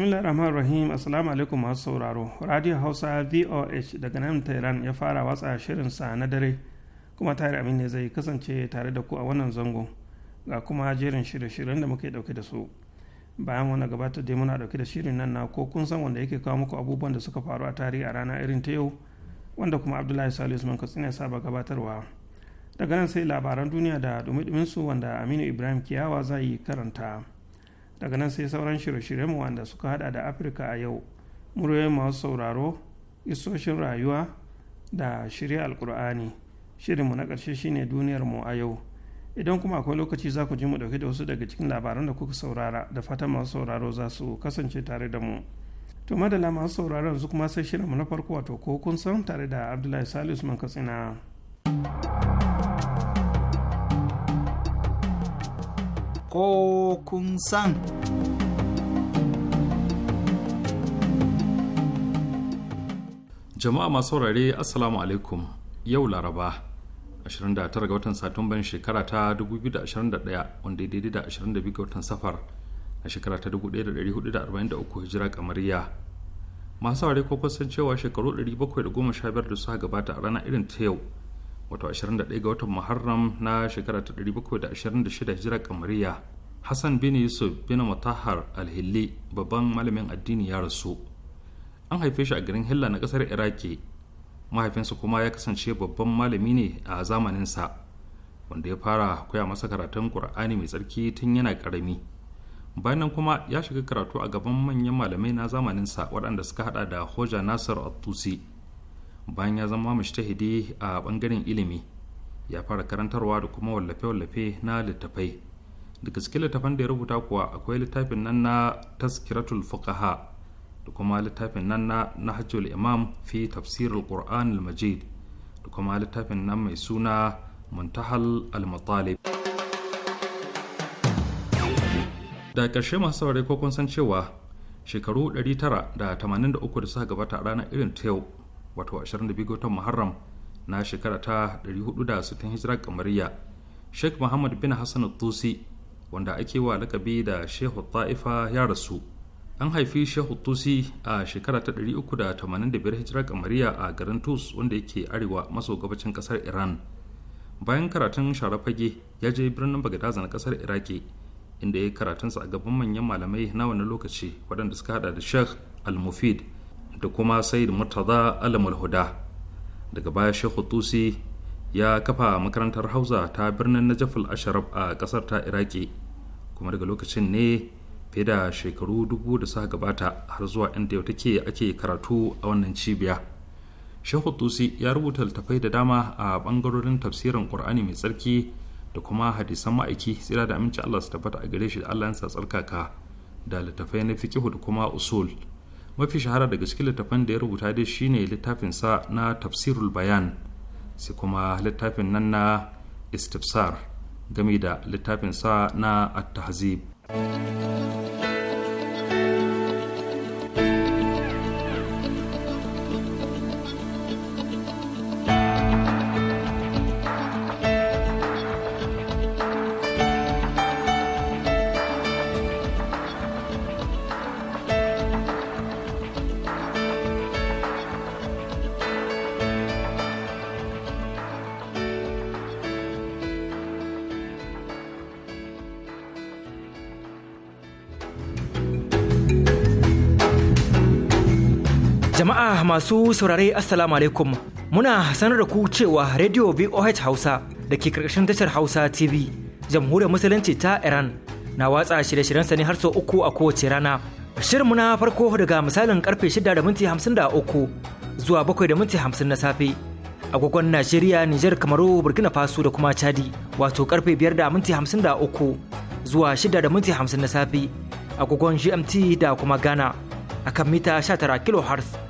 bismillah rahman rahim assalamu alaikum masu sauraro radio hausa voh daga nan tehran ya fara watsa shirin sa na dare kuma tare amin ne zai kasance tare da ku a wannan zango ga kuma jerin shirye-shiryen da muke dauke da su bayan wani gabatar da muna dauke da shirin nan na ko kun san wanda yake kawo muku abubuwan da suka faru a tarihi a rana irin ta yau wanda kuma abdullahi salisu man katsina ya saba gabatarwa daga nan sai labaran duniya da dumi su wanda aminu ibrahim kiyawa zai karanta daga nan sai sauran shirye shiryenmu wanda suka hada da afirka a yau muryoyin masu sauraro isoshin rayuwa da shirya alkur'ani shirinmu na ƙarshe shine duniyar mu a yau idan kuma akwai lokaci za ku ji mu dauke da wasu daga cikin labaran da kuka saurara da fatan masu sauraro za su kasance tare da mu to madalla masu sauraro yanzu kuma sai shirinmu na farko wato ko kun san tare da abdullahi salisu man katsina ko kun san. Jama'a masu saurare Assalamu alaikum yau Laraba 29 ga watan Satumban shekara ta 2021 wanda daidai da 22 ga watan safar a shekara ta 1443 hijira kamariya. Masu saurare ko kusan cewa shekaru 715 da suka gabata a ranar irin ta yau wato 21 ga watan muharram na shekara ta 726 hijirar kamariya hassan bin yusuf bin mutahar alhilli babban malamin addini ya rasu an haife shi a garin hilla na kasar iraki mahaifinsa kuma ya kasance babban malami ne a zamaninsa wanda ya fara koya masa karatun ƙur'ani mai tsarki tun yana karami bayan kuma ya shiga karatu a gaban manyan malamai na zamaninsa waɗanda suka hada da hoja nasar al tusi bayan ya zama mashtahidi a bangaren ilimi ya fara karantarwa da kuma wallafe-wallafe na littafai daga cikin littafan da ya rubuta kuwa akwai littafin nan na taskiratul fuqaha da kuma littafin nan na nahjul imam fi tafsirul al majid da kuma littafin nan mai suna muntahal al-matalib da karshe masu saurari ko kun san cewa shekaru 983 da suka gabata a ranar irin ta yau wato 22 ga watan muharram na shekara ta 460 hijira kamariya sheikh muhammad bin hassan tusi wanda ake wa lakabi da shehu ta'ifa ya rasu an haifi shehu tusi a shekara ta 385 hijira kamariya a garin tus wanda yake arewa maso gabacin kasar iran bayan karatun sharafage ya je birnin bagadaza na kasar iraki inda ya karatunsa a gaban manyan malamai na wani lokaci waɗanda suka hada da sheikh al-mufid da kuma sayyid murtaza alamul huda daga baya shehu tusi ya kafa makarantar hausa ta birnin najaful asharaf a kasar ta iraki kuma daga lokacin ne fiye da shekaru dubu da suka gabata har zuwa inda yau take ake karatu a wannan cibiya shehu tusi ya rubuta littafai da dama a bangarorin tafsirin qur'ani mai tsarki da kuma hadisan ma'aiki tsira da aminci allah su tabbata a gare shi da allah ya tsarkaka da littattafai na fikihu da kuma usul mafi shahara daga cikin littafan da ya rubuta dai shine littafin sa na tafsirul bayan sai kuma littafin nan na istifsar game da littafin sa na at-tahzib masu saurare Assalamu alaikum muna sanar da ku cewa Radio VOH Hausa da ke karkashin tashar Hausa TV jamhuriyar musulunci ta Iran na watsa shirye-shiryen Sani har sau uku a kowace rana. shirin na farko daga misalin karfe 6.53 da zuwa bakwai na safe. Agogon Najeriya, Nijar, Kamaru, Burkina Faso da kuma Chadi wato karfe biyar da minti hamsin zuwa 6.50 na safe. Agogon GMT da kuma Ghana akan mita 19 kHz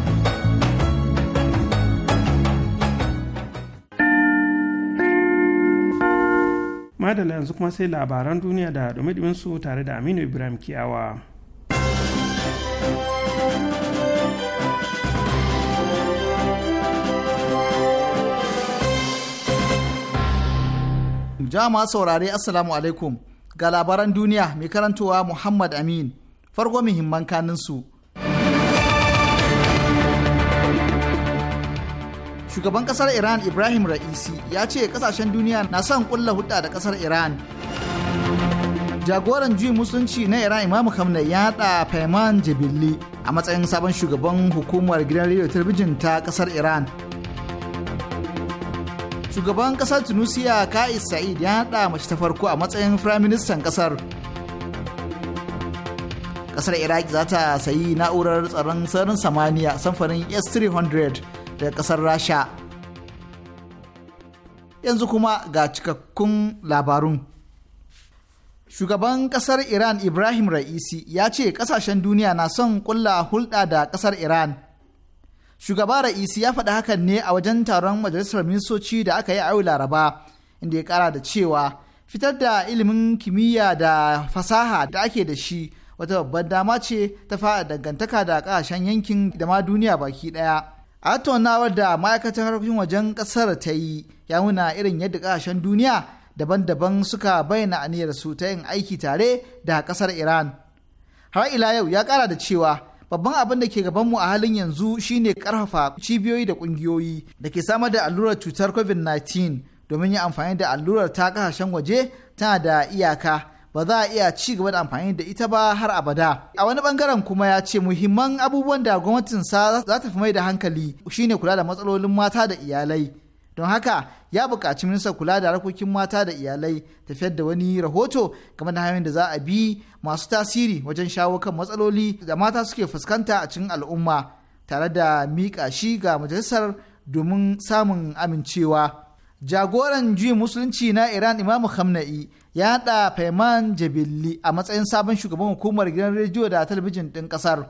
madala yanzu kuma sai labaran duniya da dumi su tare da aminu ibrahim kiyawa jama'a saurare assalamu alaikum ga labaran duniya mai karantowa muhammad amin farko muhimman su shugaban kasar iran ibrahim ra'isi ya ce kasashen duniya na son kulla hudda da kasar iran jagoran juyin musulunci na iran imam khamenei ya haɗa faiman jabilli a matsayin sabon shugaban hukumar gidan rediyo talabijin ta kasar iran shugaban kasar tunisia ka'is sa'id ya haɗa mace ta farko a matsayin firaministan kasar kasar iraq za ta sayi na'urar tsaron sararin samaniya samfanin s 300 daga ƙasar rasha yanzu kuma ga cikakkun labarun shugaban ƙasar iran ibrahim ra'isi ya ce ƙasashen duniya na son kulla hulɗa da ƙasar iran shugaba ra'isi ya faɗi hakan ne a wajen taron majalisar ministoci da aka yi a yau laraba inda ya ƙara da cewa fitar da ilimin kimiyya da fasaha da ake da shi wata babbar dama ce ta fara dangantaka da kasashen yankin da ma duniya baki ɗaya. a tattaunawar da ma'aikatar harkokin wajen kasar ta yi ya nuna irin yadda kasashen duniya daban-daban suka bayyana aniyar su ta yin aiki tare da kasar iran har ila yau ya kara da cewa babban abin da ke gabanmu a halin yanzu shine karfafa cibiyoyi da kungiyoyi da ke samar da allurar cutar covid-19 domin yin amfani da allurar ta kasashen waje tana da iyaka ba za a iya ci gaba da amfani da ita ba har abada a wani bangaren kuma ya ce muhimman abubuwan da gwamnatinsa za ta fi mai da hankali shine kula da matsalolin mata da iyalai don haka ya buƙaci minista kula da harkokin mata da iyalai tafiyar da wani rahoto game da hanyoyin da za a bi masu tasiri wajen shawo kan matsaloli da mata suke fuskanta a cikin al'umma tare da miƙa shi ga majalisar domin samun amincewa. jagoran juyin musulunci na iran imamu hamna'i ya haɗa faiman jabilli a matsayin sabon shugaban hukumar gidan rediyo da talabijin ɗin ƙasar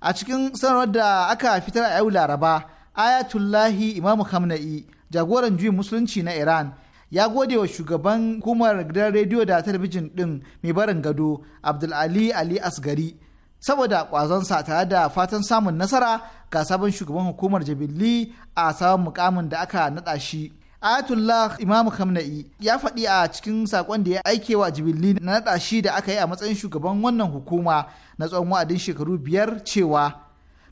a cikin sanarwar da aka fitar a yau laraba ayatullahi imamu hamna'i jagoran juyin musulunci na iran ya gode wa shugaban hukumar gidan rediyo da talabijin ɗin mai barin gado abdulali ali asgari saboda kwazonsa tare da fatan samun nasara ga sabon shugaban hukumar jabilli a sabon mukamin da aka naɗa shi Atullah Imam Khamenei ya faɗi a cikin saƙon da ya aike wa Jibilli na naɗa shi da aka yi a matsayin shugaban wannan hukuma na tsawon wa'adin shekaru biyar cewa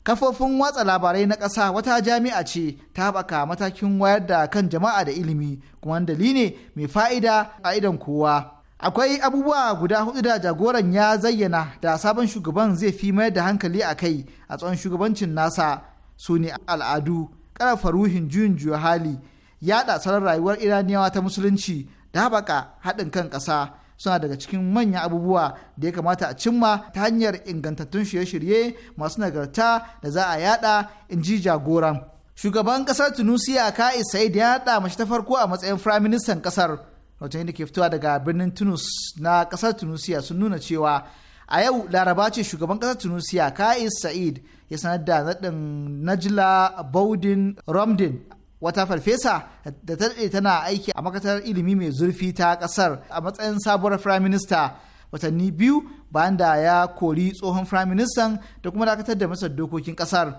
kafofin watsa labarai na ƙasa wata jami'a ce ta haɓaka matakin wayar da kan jama'a da ilimi kuma dalili ne mai fa'ida a idon kowa. Akwai abubuwa guda hudu da jagoran ya zayyana da sabon shugaban zai fi mayar da hankali a kai a tsawon shugabancin nasa su ne al'adu, ƙarfa ruhin juyin juya hali, yaɗa salon rayuwar iraniyawa ta musulunci da haɓaka haɗin kan ƙasa suna daga cikin manyan abubuwa da ya kamata a cimma ta hanyar ingantattun shirye-shirye masu nagarta da za a yaɗa in ji jagoran shugaban ƙasar tunisia kai sa'id ya haɗa mashi ta farko a matsayin firaministan ƙasar wajen da ke fitowa daga birnin tunus na ƙasar tunisia sun nuna cewa a yau laraba ce shugaban ƙasar tunisia Kai sa'id ya sanar da naɗin najla baudin romdin wata farfesa da ta daɗe tana aiki a makatar ilimi mai zurfi ta ƙasar a matsayin sabuwar firaminista watanni biyu bayan da ya kori tsohon firaministan da kuma dakatar da masar dokokin ƙasar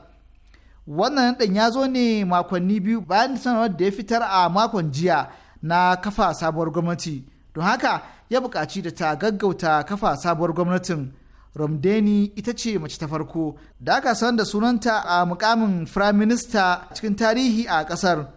wannan ɗan ya zo ne makonni biyu bayan sanarwar da ya fitar a makon jiya na kafa sabuwar gwamnati don haka ya buƙaci da ta gaggauta kafa sabuwar gwamnatin Romdeni ita ce mace ta farko da aka san da sunanta a mukamin prime minister cikin tarihi a ƙasar.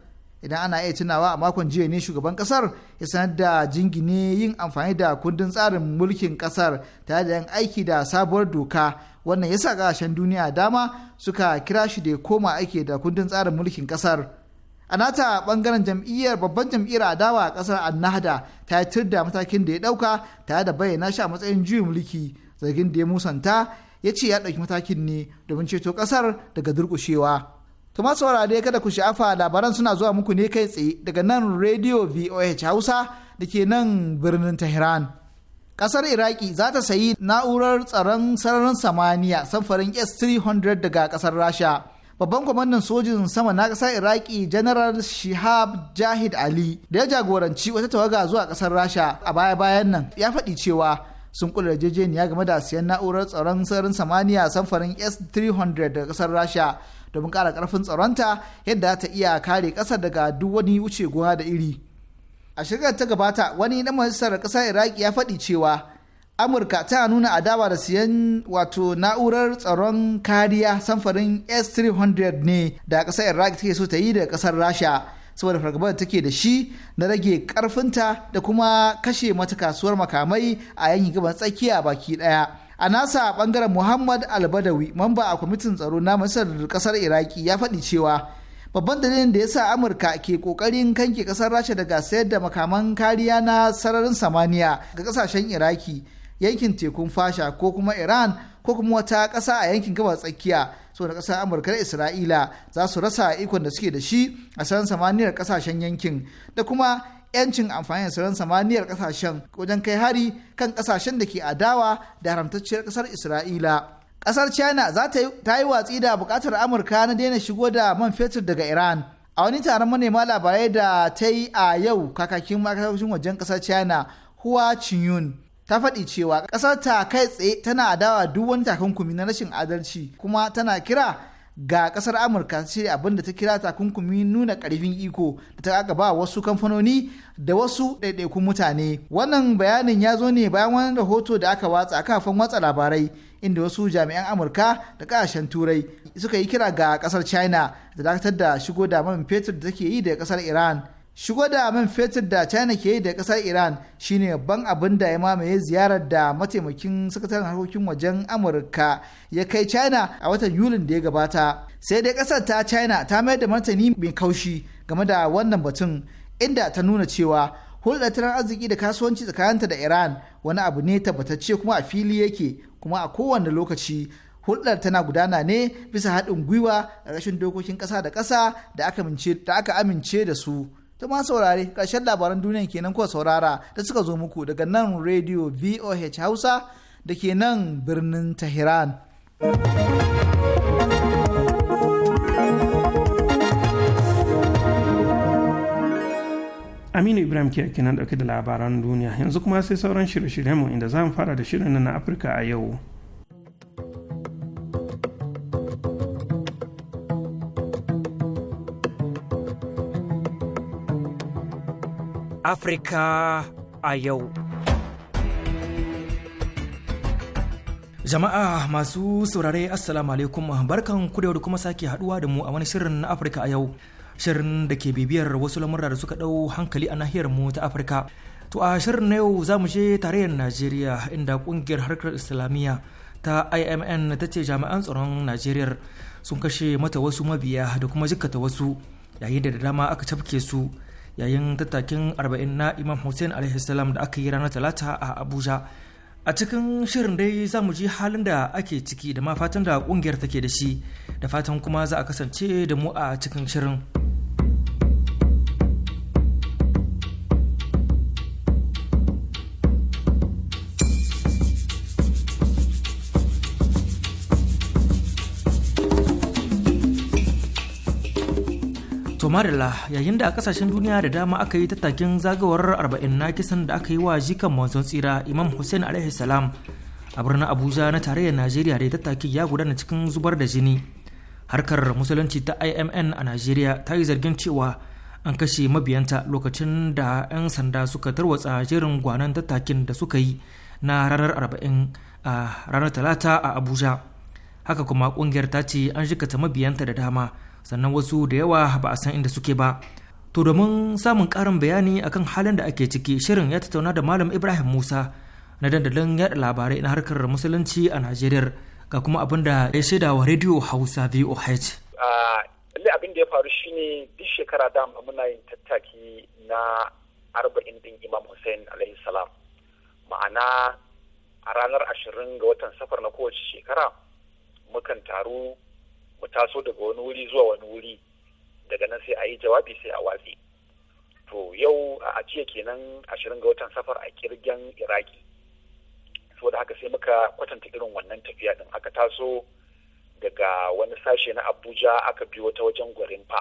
Idan ana iya tunawa a makon jiya ne shugaban ƙasar ya sanar da jingine yin amfani da kundin tsarin mulkin ƙasar tare da yan aiki da sabuwar doka wannan ya sa kashen duniya dama suka kira shi da koma aiki da kundin tsarin mulkin ƙasar. a nata bangaren jam'iyyar babban jam'iyyar adawa a kasar annahda ta yi tirda matakin da ya dauka tare da bayyana shi a matsayin juyin mulki zargin da ya musanta ya ce ya ɗauki matakin ne domin ceto ƙasar daga durƙushewa. to da ya kada ku sha'afa labaran suna zuwa muku ne kai tsaye daga nan radio voh hausa da ke nan birnin tehran ƙasar iraki za ta sayi na'urar tsaron sararin samaniya samfarin s-300 daga ƙasar rasha babban kwamandan sojin sama na ƙasar iraki general shihab jahid ali da ya jagoranci wata tawaga zuwa ƙasar rasha a baya-bayan nan ya faɗi cewa sun kula yarjejeniya game da siyan na'urar tsaron sararin samaniya samfarin S-300 daga kasar Rasha domin kara karfin tsaronta yadda ta iya kare kasa daga duk wani wuce gona da iri. A shekarar ta gabata wani na majalisar kasar iraq ya faɗi cewa Amurka ta nuna adawa da siyan wato na'urar tsaron kariya samfarin S-300 ne da ƙasar iraq take so ta yi daga kasar Rasha. saboda fargabar da take da shi na rage karfinta da kuma kashe mata kasuwar makamai a yankin gaban tsakiya baki daya a nasa a bangaren muhammad albadawi mamba a kwamitin tsaro na masarar kasar iraki ya faɗi cewa babban dalilin da ya sa amurka ke kokarin kanke kasar rasha daga sayar da makaman kariya na sararin samaniya ga kasashen iraki yankin tekun fasha ko kuma iran ko kuma wata ƙasa a yankin gabas tsakiya so da ƙasar amurka da isra'ila za su rasa ikon da suke da shi a sararin samaniyar kasashen yankin da kuma 'yancin amfani da sararin samaniyar kasashen wajen kai hari kan ƙasashen da ke adawa da haramtacciyar ƙasar isra'ila kasar china za ta yi watsi da bukatar amurka na daina shigo da man fetur daga iran a wani taron manema labarai da ta yi a yau kakakin makasashen wajen ƙasar china huwa chinyun ta faɗi cewa ƙasar ta kai tsaye tana adawa duk wani takunkumi na rashin adalci kuma tana kira ga ƙasar amurka ce abin da ta kira takunkumi nuna ƙarfin iko da ta aka ba wasu kamfanoni da wasu ɗaiɗaikun mutane wannan bayanin ya zo ne bayan wani rahoto da aka watsa a kafin watsa labarai inda wasu jami'an amurka da ƙasashen turai suka yi kira ga ƙasar china da dakatar da shigo da man fetur da take yi da ƙasar iran shigo da man fetur da china ke yi da kasar iran shine babban abin da ya mamaye ziyarar da mataimakin sakataren harkokin wajen amurka ya kai china a watan yulin da ya gabata sai dai kasar ta china ta mayar da martani mai kaushi game da wannan batun inda ta nuna cewa hulɗar tattalin arziki da kasuwanci tsakaninta da iran wani abu ne tabbatacce kuma a fili yake kuma a kowane lokaci hulɗar tana gudana ne bisa haɗin gwiwa a rashin dokokin ƙasa da ƙasa da aka amince da su ta ma saurare ƙarshen labaran duniya kenan ko saurara da suka zo muku daga nan radio voh hausa da ke nan birnin tehran aminu ibrahim ke kenan dauke da labaran duniya yanzu kuma sai sauran shirye-shiryenmu inda za mu fara da shirin na afirka a yau Afrika a yau. Jama'a masu saurare Assalamu alaikum barkan ku da kuma sake haduwa da mu a wani shirin na Afirka a yau. Shirin da ke bibiyar wasu lamurra da suka ɗau hankali a nahiyar mu ta Afirka. To a shirin na yau za mu je tarayyar Najeriya inda kungiyar harkar Islamiyya ta IMN ta ce jami'an tsaron Najeriya sun kashe mata wasu mabiya da kuma jikkata wasu yayin da da dama aka cafke su. yayin tattakin arba'in na imam hussein alaihissalam da aka yi ranar talata a abuja a cikin shirin dai za mu ji halin da ake ciki da ma fatan da kungiyar take da shi da fatan kuma za a kasance da mu a cikin shirin. to marilla yayin da a kasashen duniya da dama aka yi tattakin zagawar arba'in na kisan da aka yi wa jikan manzon tsira imam hussein alaihi salam a birnin abuja na tarayyar najeriya da tattakin ya gudana cikin zubar da jini harkar musulunci ta imn a najeriya ta yi zargin cewa an kashe mabiyanta lokacin da 'yan sanda suka tarwatsa jerin gwanan tattakin da suka yi na ranar arba'in a ranar talata a abuja haka kuma kungiyar ta ce an jikata mabiyanta da dama sannan wasu da yawa ba a san inda suke ba to domin samun karin bayani akan halin da ake ciki shirin ya tattauna da malam ibrahim musa na dandalin yada labarai na harkar musulunci a najeriya ga kuma abin da ya shaida wa radio hausa voh abin da ya faru shine duk shekara dama muna yin tattaki na arba'in din imam hussein alaihi ma'ana a ranar ashirin ga watan safar na kowace shekara mukan taru mu taso daga wani wuri zuwa wani wuri daga nan sai a yi jawabi sai a watsi to yau a ajiya kenan ashirin ga watan safar a kirgen iraki saboda haka sai muka kwatanta irin wannan tafiya din aka taso daga wani sashe na abuja aka biyo ta wajen gwarin fa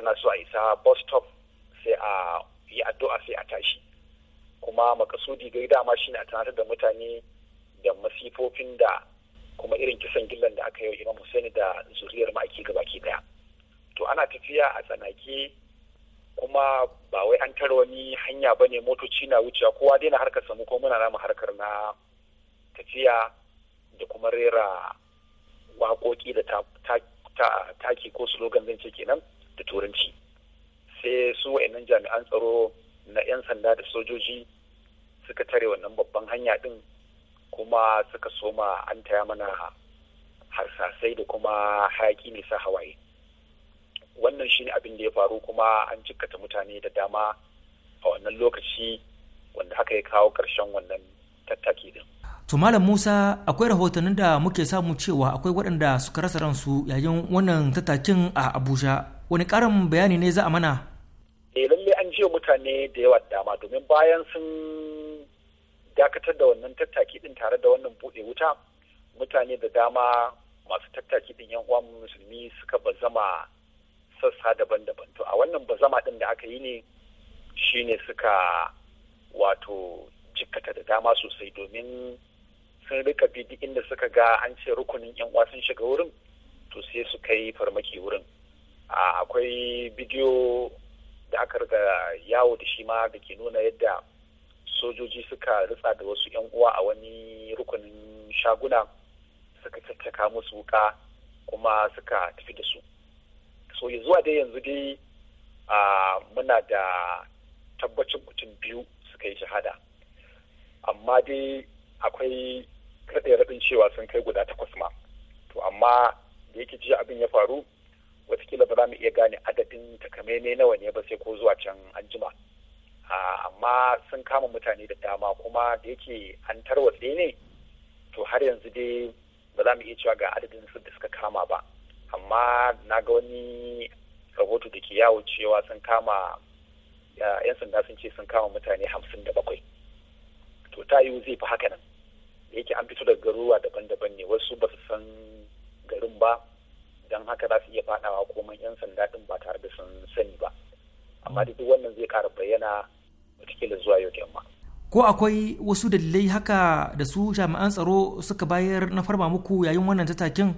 ana so a isa bus stop sai a yi addu'a sai a tashi kuma makasudi gai dama shine a tunatar da mutane da masifofin da kuma irin kisan gillan da aka yi wa imam Hussein da zuriyar ma'aiki gaba ke daya to ana tafiya a tsanake kuma ba wai an tara wani hanya bane motoci na wucewa kowa dai na harkar samu ko muna namu harkar na tafiya da kuma rera waƙoƙi da taki ko slogan zan kenan da turanci sai su wa'annan jami'an tsaro na 'yan sanda da sojoji suka tare wannan babban hanya din kuma suka soma an taya mana harsasai da kuma hayaki ne sa hawaye wannan shi ne abin da ya faru kuma an jikkata mutane da dama a wannan lokaci wanda haka ya kawo ƙarshen wannan tattaki din to malam musa akwai rahotannin da muke samu cewa akwai waɗanda suka rasa ransu yayin wannan tattakin a abuja wani ƙarin bayani ne za a mana eh lallai an jiya mutane da yawa dama domin bayan sun dakatar da wannan tattaki din tare da wannan buɗe wuta mutane da dama masu tattaki din yan uwan musulmi suka bazama sassa daban-daban to a wannan bazama din da aka yi ne shine suka wato jikkata da dama sosai domin sun rika bidi inda suka ga an ce rukunin yan uwa sun shiga wurin to sai su kai farmaki wurin akwai bidiyo da aka riga yawo da shi ma da ke nuna yadda sojoji suka ritsa da wasu 'yan uwa a wani rukunin shaguna suka caccaka musu wuka kuma suka tafi da su so zuwa dai yanzu dai muna da tabbacin mutum biyu suka yi shahada amma dai akwai kaɗai raɗin cewa sun kai guda takwas ma to amma da yake ji abin ya faru watakila ba za mu iya gane adadin takamaimai nawa ne ba sai ko zuwa can anjima amma sun kama mutane da dama kuma da yake an tarwatse ne to har yanzu dai ba za mu iya cewa ga adadin su da suka kama ba amma na ga wani rahoto da ke yawo cewa sun kama yan sanda sun ce sun kama mutane hamsin da bakwai to ta yiwu zai fi haka nan da yake an fito daga garuruwa daban-daban ne wasu ba su san garin ba don haka za su iya faɗawa komai yan sanda din ba tare da sun sani ba amma duk wannan zai kara bayyana watakila zuwa yau yamma ko akwai wasu dalilai haka da su jami'an tsaro suka bayar na farma muku yayin wannan tattakin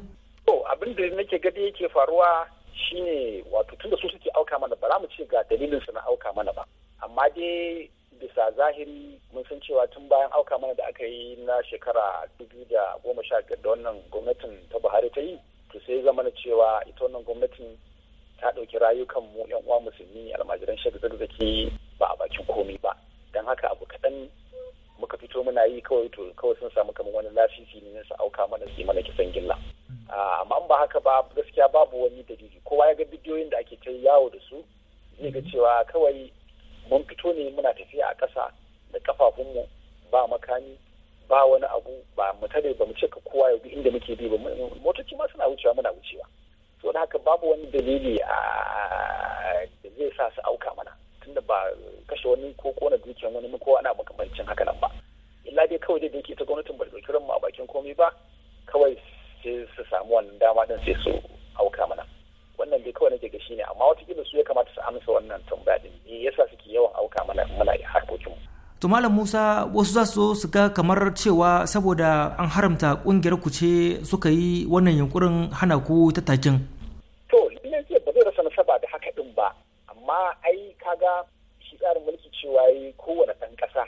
to abin da nake gadi yake faruwa shine wato tunda su suke auka mana ba za mu ce ga dalilin su na auka mana ba amma dai bisa zahiri mun san cewa tun bayan auka mana da aka yi na shekara dubu da goma sha da wannan gwamnatin ta buhari ta yi to sai zama na cewa ita wannan gwamnatin ta ɗauki rayukan mu yan uwa musulmi almajiran shek zakzaki ba a bakin komi ba don haka abu kaɗan muka fito muna yi kawai to kawai sun samu kamar wani lasisi ne su auka mana su yi mana kisan gilla mm. ah, amma ba haka ba gaskiya babu wani dalili kowa ya ga bidiyoyin da ake kai yawo da su zai ga mm. cewa kawai mun fito ne muna tafiya a ƙasa da kafafunmu ba makami ba wani abu ba mu tare ba mu ce kowa ya inda muke bi ba motoci ma suna wucewa muna wucewa to da haka babu wani dalili a zai sa su auka mana tunda ba kashe wani ko kona dukiyar wani ko ana makamancin haka nan ba illa dai kawai da yake ta gwamnatin ba da mu a bakin komai ba kawai sai su samu wannan dama din sai su auka mana wannan dai kawai nake gashi ne amma watakila su ya kamata su amsa wannan tambaya din me yasa suke yawan auka mana muna ko to malam musa wasu za su su ga kamar cewa saboda an haramta kungiyar ku ce suka yi wannan yunkurin hana ku ta takin to ce ba zai rasa nasaba da haka din ba amma ai kaga shi tsarin mulki cewa yi kowane ɗan ƙasa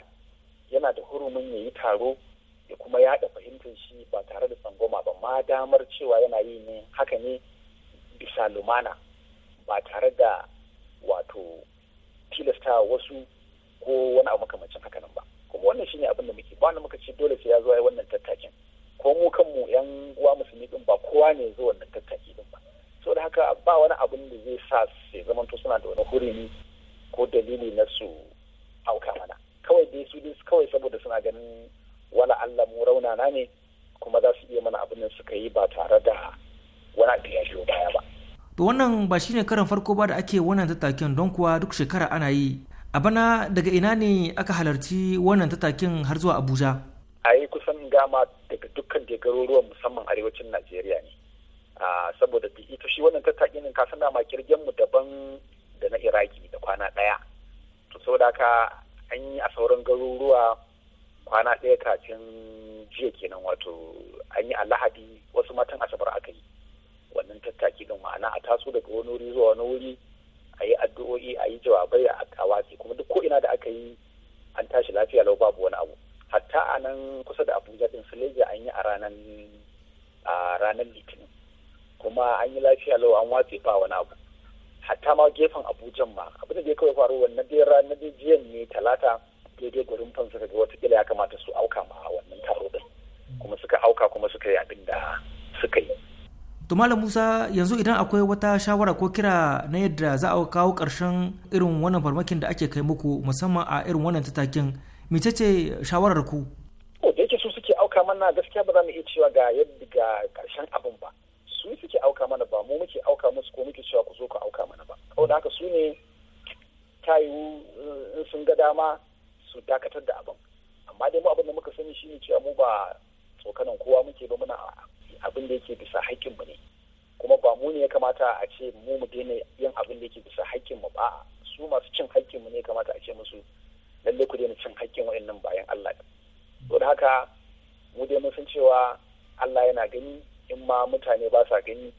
yana da hurumin ya yi taro ya kuma yaɗa fahimtar shi ba tare da tsangoma ba ma damar cewa yana yi ne haka ne bisa lumana ba tare da wato tilasta wasu ko wani abu makamancin haka nan ba kuma wannan shine abin da muke ba wanda muka ce dole sai ya zo ya wannan tattakin ko mu kanmu yan uwa musulmi din ba kowa ne zo wannan tattaki din ba so da haka ba wani abin da zai sa su zamanto suna da wani hurumi ko dalili na su auka mana kawai dai su kawai saboda suna ganin wala Allah mu raunana ne kuma za su iya mana abin da suka yi ba tare da wani abu ya baya ba. To wannan ba shine karan farko ba da ake wannan tattakin don kuwa duk shekara ana yi a bana daga ina ne aka halarci wannan tattakin har zuwa abuja a yi kusan dama daga dukkan garuruwan musamman arewacin najeriya ne saboda ita shi wannan tattakin ka san dama kirgen mu daban da na iraki da kwana daya to saboda ka an yi a sauran garuruwa kwana daya kacin jiya kenan wato an yi a lahadi wasu matan asabar aka yi wannan tattaki din ma'ana a taso daga wani wuri zuwa wani wuri a yi addu'o'i a yi jawabai a kawaki kuma duk ko ina da aka yi an tashi lafiya lau babu wani abu hatta a nan kusa da abuja din suleja an yi a ranar litinin kuma an yi lafiya lau an watse ba wani abu hatta ma gefen abuja ma abin da ya kawai faru wannan dai ranar jiyan ne talata daidai gurin fansa daga watakila ya kamata su auka ma wannan taro din kuma suka auka kuma suka yi abin da suka yi to malam musa yanzu idan akwai wata shawara ko kira na yadda za a kawo ƙarshen irin wannan farmakin da ake kai muku musamman a irin wannan tattakin mecece shawarar ku da yake su suke auka mana gaskiya ba za mu iya cewa ga yadda ga ƙarshen abin ba su suke auka mana ba mu muke auka musu ko muke cewa ku zo ku auka mana ba da haka su ne ta eh, sun ga dama su dakatar da abin amma dai mu abin da muka sani shine cewa mu ba tsokanan kowa muke ba muna abin da yake bisa haƙƙin mu ne kuma ba mu ne ya kamata a ce mu mu daina yin abin da yake bisa haƙƙin mu ba su masu cin haƙƙin mu ne kamata a ce musu lalle ku daina cin haƙƙin waɗannan bayan Allah to da haka mu dai mun san cewa Allah yana gani in ma mutane ba sa gani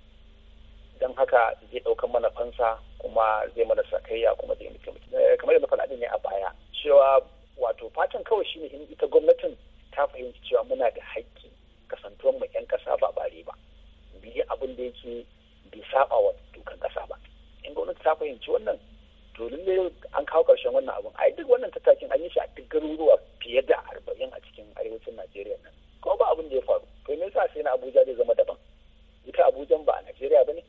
don haka zai ɗaukan mana fansa kuma zai mana sakayya kuma zai mutum eh, kamar yadda faɗa ne a baya cewa wato fatan kawai shine in ita gwamnatin ta fahimci cewa muna da haƙƙi kasantuwan mai 'yan kasa ba bare ba biyu abin da yake bai saba wa dokan kasa ba in gwamnati ta fahimci wannan to lalle an kawo karshen wannan abun ai duk wannan tattakin an yi shi a duk garuruwa fiye da arba'in a cikin arewacin najeriya nan kuma ba abin da ya faru to me yasa sai na abuja zai zama daban ita abujan ba a najeriya ba ne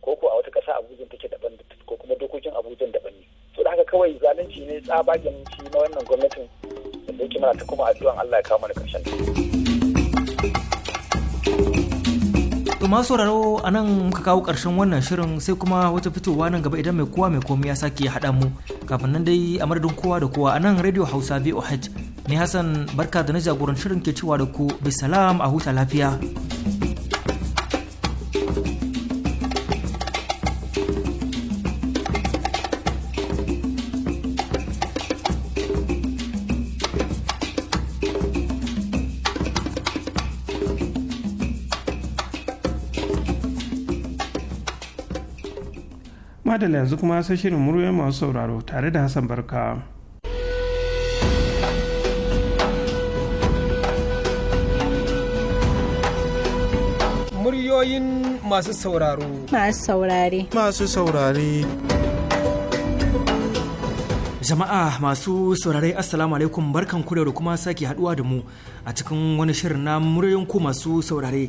ko ko a wata ƙasa abujan take daban ko kuma dokokin abujan daban ne to da haka kawai zalunci ne tsabagen shi na wannan gwamnatin da yake mana ta kuma addu'an allah ya kawo mana karshen ta ma sauraro a nan muka kawo ƙarshen wannan shirin sai kuma wata fitowa nan gaba idan mai kowa mai komi ya sake haɗa mu kafin nan dai a madadin kowa da kowa a nan radio hausa voh ne hassan barka da na jagoran shirin ke cewa da ku bisalam a huta lafiya. adala yanzu kuma sai shirin muryoyin masu sauraro tare da hassan barka muryoyin masu sauraro masu saurare masu saurare jama'a masu saurare assalamu alaikum barkan ku da kuma sake haduwa da mu a cikin wani shirin na muryoyin ku masu saurare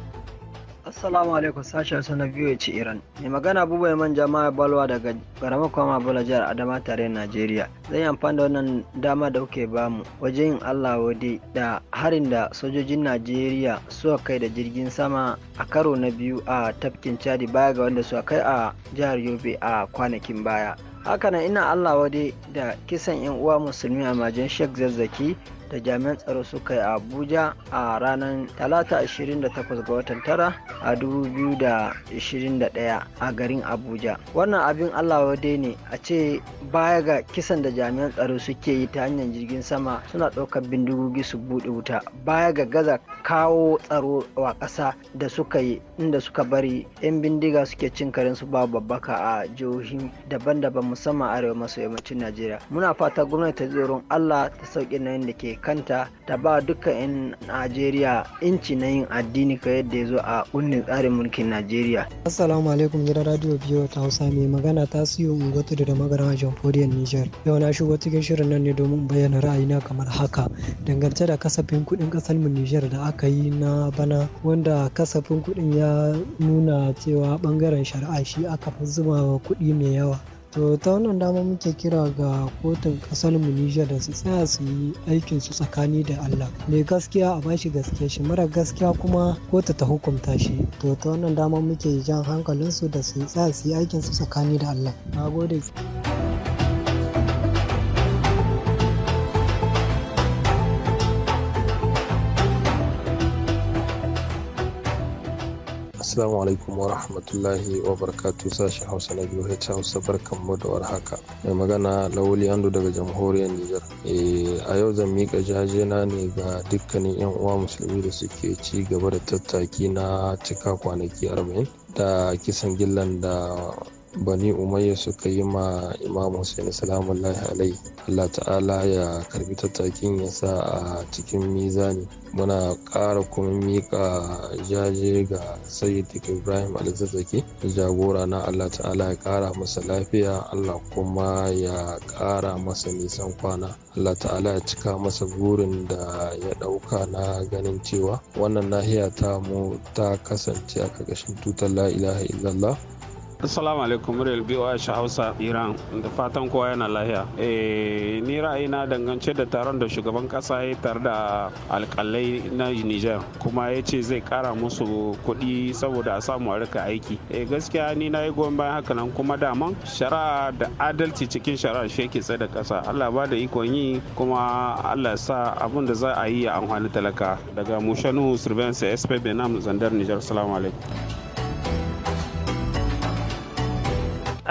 Assalamu alaikum sashen sana biyu ya ci Iran. Mai magana buba ya manja ma balwa daga ƙaramar kwama bala jihar Adama tare Najeriya. Zan yi amfani da wannan dama da kuke bamu wajen yin Allah wade da harin da sojojin Najeriya suka kai da jirgin sama a karo na biyu a tafkin Chadi baya ga wanda suka kai a jihar Yobe a kwanakin baya. hakanan ina Allah wade da kisan 'yan uwa musulmi a majin Sheikh Zazzaki da jami'an tsaro suka yi abuja a ranar talata 28 ga watan tara a 2021 a garin abuja wannan abin allah dai ne a ce baya ga kisan da jami'an tsaro suke yi ta hanyar jirgin sama suna ɗaukar bindigogi su buɗe wuta baya ga gaza kawo tsaro wa ƙasa da suka yi inda suka bari 'yan bindiga suke cin karen su babu babbaka a jihohi daban-daban musamman arewa maso yammacin najeriya muna fata gwamnati ta tsoron allah ta sauƙi yin da ke kanta ta ba duka 'yan najeriya inci na yin addini ka yadda ya zo a kunnin tsarin mulkin najeriya assalamu alaikum gidan radio biyu ta hausa mai magana ta siyo ungwatu da a jamhuriyar niger yau na shigo cikin shirin nan ne domin bayyana ra'ayina kamar haka dangance da kasafin kuɗin ƙasar mu niger da aka yi na bana wanda kasafin kuɗin ya nuna cewa ɓangaren shari'a shi aka fi zuba kuɗi mai yawa To ta wannan dama muke kira ga kotun ƙasar mu da su tsaya su yi aikin su tsakani da Allah. Mai gaskiya a bashi gaskiya shi mara gaskiya kuma kotu ta hukunta shi. To ta wannan dama muke jan hankalin su da su tsaya su yi aikin su tsakani da Allah. Na gode. Assalamu alaikum wa rahmatullahi wa barakatu sashi Hausa na biyu H Hausa barkan mu da warhaka. Mai magana Lawali andu daga jamhuriyar Nijar. Eh, a yau zan miƙa jajena ne ga dukkanin 'yan uwa musulmi da suke ci gaba da tattaki na cika kwanaki arba'in da kisan gillan da bani umayya suka yi ma imam hussein salamun lahi alai allah ta'ala ya karbi tattakin ya sa a cikin mizani muna ƙara kuma miƙa jaje ga sayyid ibrahim alzazzaki jagora na allah ta'ala ya ƙara masa lafiya allah kuma ya ƙara masa nisan kwana allah ta'ala ya cika masa burin da ya ɗauka na ganin cewa wannan nahiya ta mu ta kasance a ƙarƙashin tutar la ilaha illallah Assalamu alaikum muryar BOH Hausa Iran da fatan kowa yana lahiya. Eh ni ra'ayina dangance da taron da shugaban kasa ya tare da alkalai na Niger kuma ya ce zai kara musu kuɗi saboda a samu a rika aiki. Eh gaskiya ni na yi goyon bayan haka nan kuma daman shari'a da adalci cikin shari'a shi yake tsaye da kasa. Allah ba da ikon yi kuma Allah sa abun da za a yi ya amfani talaka daga Mushanu Surveillance SP Benam Zandar Niger. Assalamu alaikum.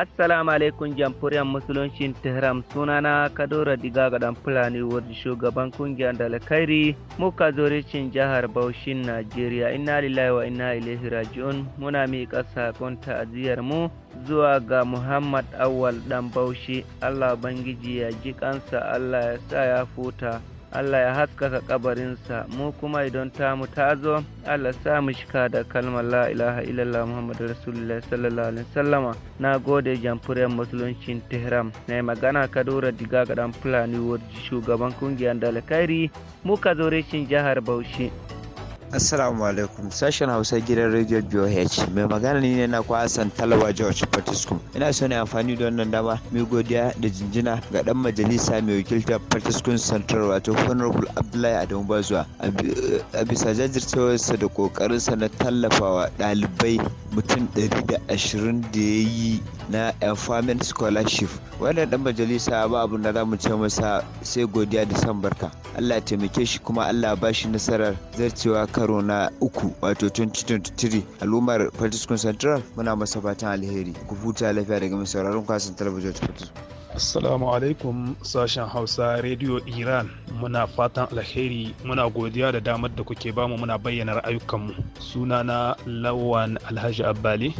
Assalamu alaikum jamhuriyar musuluncin Tehran sunana Kadora Diga ga dan Fulani wadda shugaban kungiyar Dalakairi muka zoricin jihar Baushin Najeriya inna lillahi wa inna ilaihi raji'un muna miƙa sakon ta'aziyar mu zuwa ga Muhammad Awal dan Baushi Allah bangiji ya ji kansa Allah ya sa ya futa Allah ya haskaka kabarinsa mu kuma idan tamu ta zo Allah sa mu shika da kalmar la ilaha illallah Muhammadu Rasulullah sallallahu alaihi sallama na gode jamfuriyar musuluncin Tehran na magana Kadura Diga gadan Fulani Ward shugaban kungiyar Dalakari muka zo reshin jihar Bauchi Assalamu alaikum sashen Hausa gidan Radio BOH mai magana ne na kwa Hassan Talawa George Fortescue. Ina so ne amfani da wannan dama mai godiya da jinjina ga dan majalisa mai wakilta Fortescue Central wato Honorable Abdullahi Adamu Bazuwa a bisa jajircewarsa da kokarinsa na tallafawa ɗalibai mutum 120 da ya yi na Empowerment Scholarship. Wannan dan majalisa ba abu da za mu ce masa sai godiya da san barka. Allah taimake shi kuma Allah ba shi nasarar zarcewa karo na uku wato 2023 al'ummar Fatiskun Central muna masa fatan alheri ku huta lafiya daga mai sauraron kwasan talabijin ta Assalamu alaikum sashen Hausa Radio Iran muna fatan alheri muna godiya da damar da kuke bamu muna bayyana ra'ayukanmu sunana Lawan Alhaji Abbali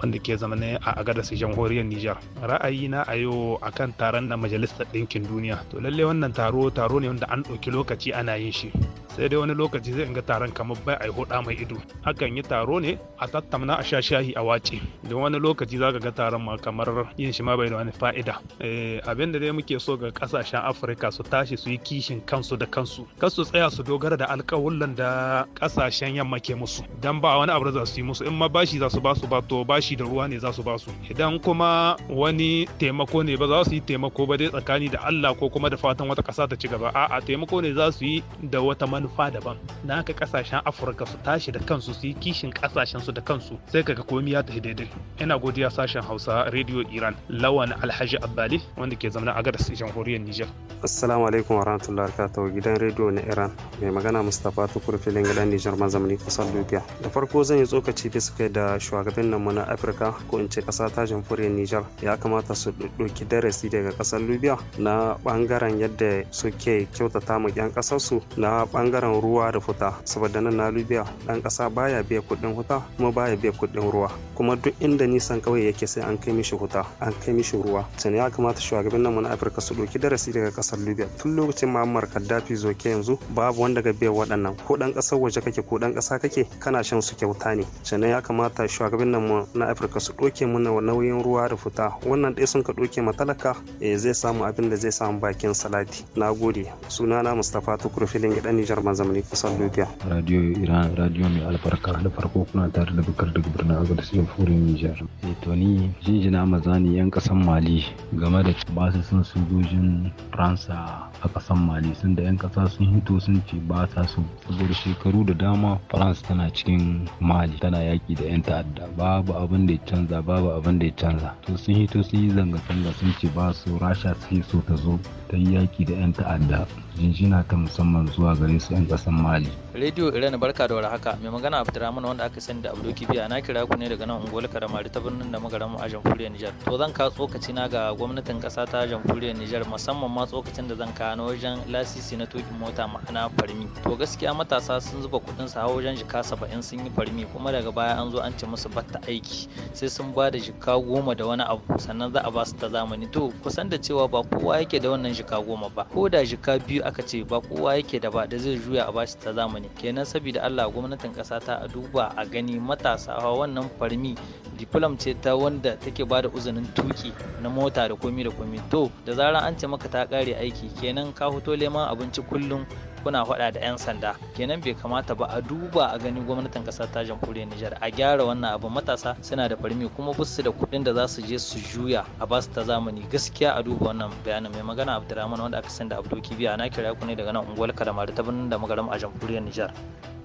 wanda ke zama ne a agadas jamhuriyar Nijar. Ra'ayina a yau akan taron na Majalisar Ɗinkin Duniya. To lalle wannan taro taro ne wanda an ɗauki lokaci ana yin shi. sai dai wani lokaci zai ga taron kamar bai ai hoda mai ido hakan yi taro ne a tattamna a sha shahi a wace don wani lokaci zaka ga taron ma kamar yin shi ma bai da wani fa'ida eh, abin da dai muke so ga kasashen afirka su tashi su yi kishin kansu da kansu kar su tsaya su dogara da alkawullan da kasashen yamma ke musu dan ba wani abu da za su yi musu in ma bashi za su ba su ba to bashi da ruwa ne za su ba su idan kuma wani taimako ne ba za su yi taimako ba dai tsakani da Allah ko kuma da fatan wata kasa ta ci gaba a'a taimako ne za su yi da wata manufa manufa daban na haka kasashen afirka su tashi da kansu su yi kishin kasashen su da kansu sai kaga komi ya tafi daidai ina godiya sashen hausa radio iran lawan alhaji abbali wanda ke zama a gadas jamhuriyar niger assalamu alaikum wa wabarakatuh gidan radio na iran mai magana mustapha tukur filin gidan niger zamani kasar libya da farko zan yi tsokaci bisa kai da shugaban nan na afirka ko in ce kasa ta jamhuriyar nijar ya kamata su ɗauki darasi daga kasar libya na bangaren yadda suke kyautata ma 'yan kasarsu na bangaren bangaren ruwa da futa saboda nan na lubiya dan kasa baya biya kuɗin huta kuma baya biya kuɗin ruwa kuma duk inda nisan kawai yake sai an kai mishi huta an kai mishi ruwa can ya kamata shugaban nan na afirka su dauki darasi daga kasar libya tun lokacin muammar zo zoke yanzu babu wanda ga biyan waɗannan ko ɗan kasar waje kake ko dan kasa kake kana shan su kyauta ne sannan ya kamata shugaban nan na afirka su ɗauke mana nauyin ruwa da futa wannan dai sun ka talaka matalaka eh, zai samu abin da zai samu bakin salati na gode sunana mustapha tukur filin gidan nijar zaman zamani kasar libya radio iran radio mai albarka da farko kuna tare da bukar daga birnin agadis jamhuriyar nijar e eh, to ni jinjina mazani yan kasan mali game da ba su son sojojin faransa a kasan mali sun da yan kasa sun hito sun ce ba sa su saboda shekaru da dama faransa tana cikin mali tana yaki da yan ta'adda babu abin da ya canza babu abin da ya canza to sun hito sun yi zanga-zanga sun ce ba su rasha sai so ta zo ta yi yaki da yan ta'adda na ta musamman zuwa gare su 'yan kasan mali radio iran barka da warhaka mai magana abdurrahman wanda aka sani da abdoki biya na kira ku ne daga nan unguwar karamari ta birnin da magaran a jamhuriyar nijar to zan ka tsokaci na ga gwamnatin kasa ta jamhuriyar nijar musamman ma tsokacin da zan ka na wajen lasisi na tukin mota ma'ana farmi to gaskiya matasa sun zuba kuɗin su wajen jika saba'in sun yi farmi kuma daga baya an zo an ce musu batta aiki sai sun ba da jika goma da wani abu sannan za a ba su ta zamani to kusan da cewa ba kowa yake da wannan jika goma ba ko da jika biyu aka ce ba kowa yake da ba da zai juya a bashi ta zamani kenan saboda Allah gwamnatin ƙasa ta a duba a gani matasa wannan farmi diplom ce ta wanda take ba da uzunin tuki na mota da komi da komi to da zarar an ce maka ta kare aiki kenan ka fito leman abinci kullum kuna faɗa da 'yan sanda kenan bai kamata ba a duba a gani gwamnatin ƙasar ta jamhuriyar Nijar a gyara wannan abu matasa suna da farmi kuma basu da kuɗin da za su je su juya a basu ta zamani gaskiya a duba wannan bayanin mai magana Abdulrahman wanda aka sanda Abdul Kibiya na kira ku ne daga nan unguwar Kalamari ta birnin da magaram a jamhuriyar Nijar.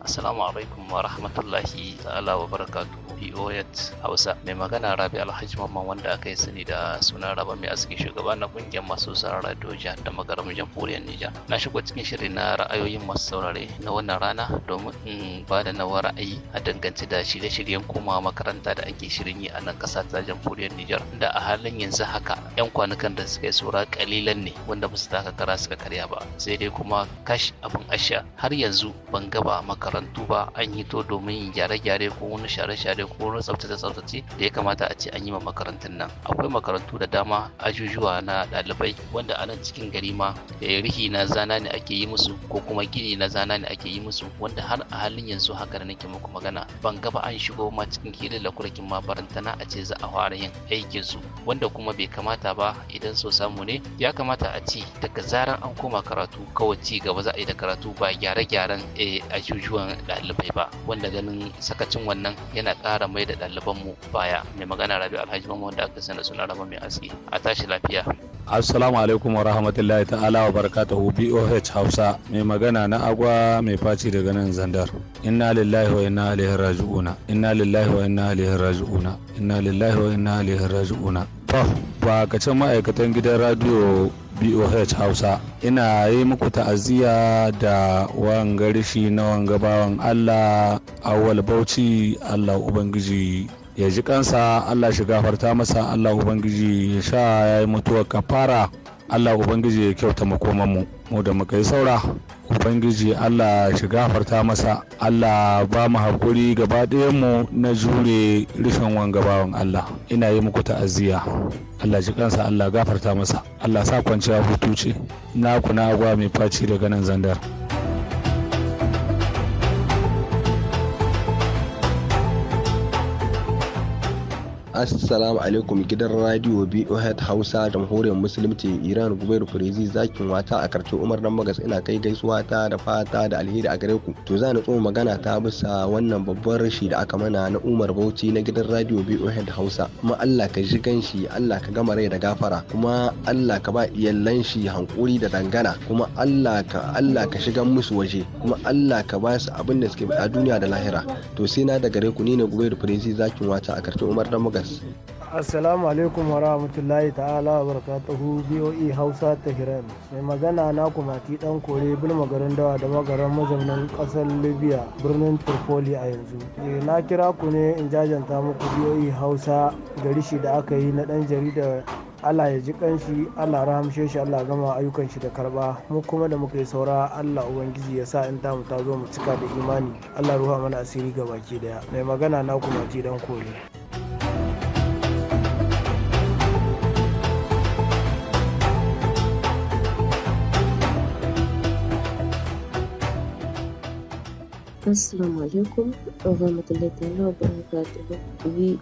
Assalamu alaikum wa rahmatullahi ta'ala wa barakatuhu POET Hausa mai magana Rabi Alhaji Mamman wanda aka yi sani da sunan Raba mai aski shugaba na kungiyar masu sauraron radio jihar da magaram jamhuriyar Nijar. Na shigo cikin shirin na ra'ayoyin masu saurare na wannan rana domin in ba da nawa ra'ayi a dangance da shirye-shiryen koma makaranta da ake shirin yi a nan ƙasa ta jamhuriyar Nijar da a halin yanzu haka 'yan kwanukan da suka yi saura kalilan ne wanda ba su taka kara suka karya ba sai dai kuma kash abin asha har yanzu ban gaba makarantu ba an yi to domin gyare-gyare ko wani share-share ko wani tsaftace-tsaftace da ya kamata a ce an yi ma makarantun nan akwai makarantu da dama ajujuwa na ɗalibai wanda a nan cikin gari ma eh, rihi na zana ne ake yi musu ko kuma gini na zana ne ake yi musu wanda har a halin yanzu haka da nake muku magana ban gaba an shigo ma cikin da kurakin ma barantana a ce za a fara yin aikin su wanda kuma bai kamata ba idan so samu ne ya kamata a ci daga zaran an koma karatu kawai ci gaba za a yi da karatu ba gyare-gyaren eh, ajujuwan ɗalibai ba wanda ganin sakacin wannan yana ƙara mai da ɗaliban mu baya mai magana rabi alhaji mamman wanda aka sani suna rama mai aski a tashi lafiya assalamu alaikum wa rahmatullahi ta'ala wa barakatuhu boh hausa me mai magana na agwa mai faci daga nan zandar inna lillahi wa inna ilaihi raji'una inna lillahi wa inna ilaihi raji'una inna lillahi wa inna ilaihi raji'una to ba ka can ma'aikatan gidan radio BOH Hausa ina yi muku ta'aziyya da wangarishi na wangabawan Allah awwal bauchi Allah Ubangiji ya ji kansa Allah shi gafarta masa Allah Ubangiji ya sha ya yi kafara Allah Ubangiji ya kyauta makomanmu mu da muka yi saura ubangiji allah shi gafarta masa allah ba mu haƙuri gaba mu na jure rufin wanga bawan allah ina yi muku ta'aziyya allah shi kansa allah gafarta masa allah sa kwanciya hutu ce na kuna agwa mai faci daga nan zandar assalamu alaikum gidan radio bohead hausa jamhuriyar musulunci iran gubairu firizi zakin wata a karshe umar dan magas ina kai gaisuwa ta da fata da alheri a gare ku to za na tsoma magana ta bisa wannan babban rashi da aka mana na umar bauchi na gidan radio bohead hausa kuma allah ka ji ganshi allah ka gama rai da gafara kuma allah ka ba iyallan shi hankuri da dangana kuma allah ka allah ka shigan musu waje kuma allah ka ba su abin da suke a duniya da lahira to sai na da gare ku ni ne gubairu firizi zakin wata a karshe umar dan magas Assalamu alaikum wa rahmatullahi ta'ala wa barakatuhu BOE Hausa ta hiram Mai magana na kumati dan kore bulma garin dawa da magaran mazaunin kasar Libya birnin Tripoli a yanzu. Eh, na kira ku ne in jajanta muku BOE Hausa gari shi da aka yi na dan jarida Allah ya ji kanshi Allah rahamshe shi Allah gama ayyukan shi da karba mu kuma da muka yi saura Allah ubangiji ya sa in ta mu ta zo mu cika da imani Allah ruha mana asiri ga baki daya mai magana na kuma ji dan kore Assalamu alaikum wa rahmatullahi ta'ala wa barakatuhu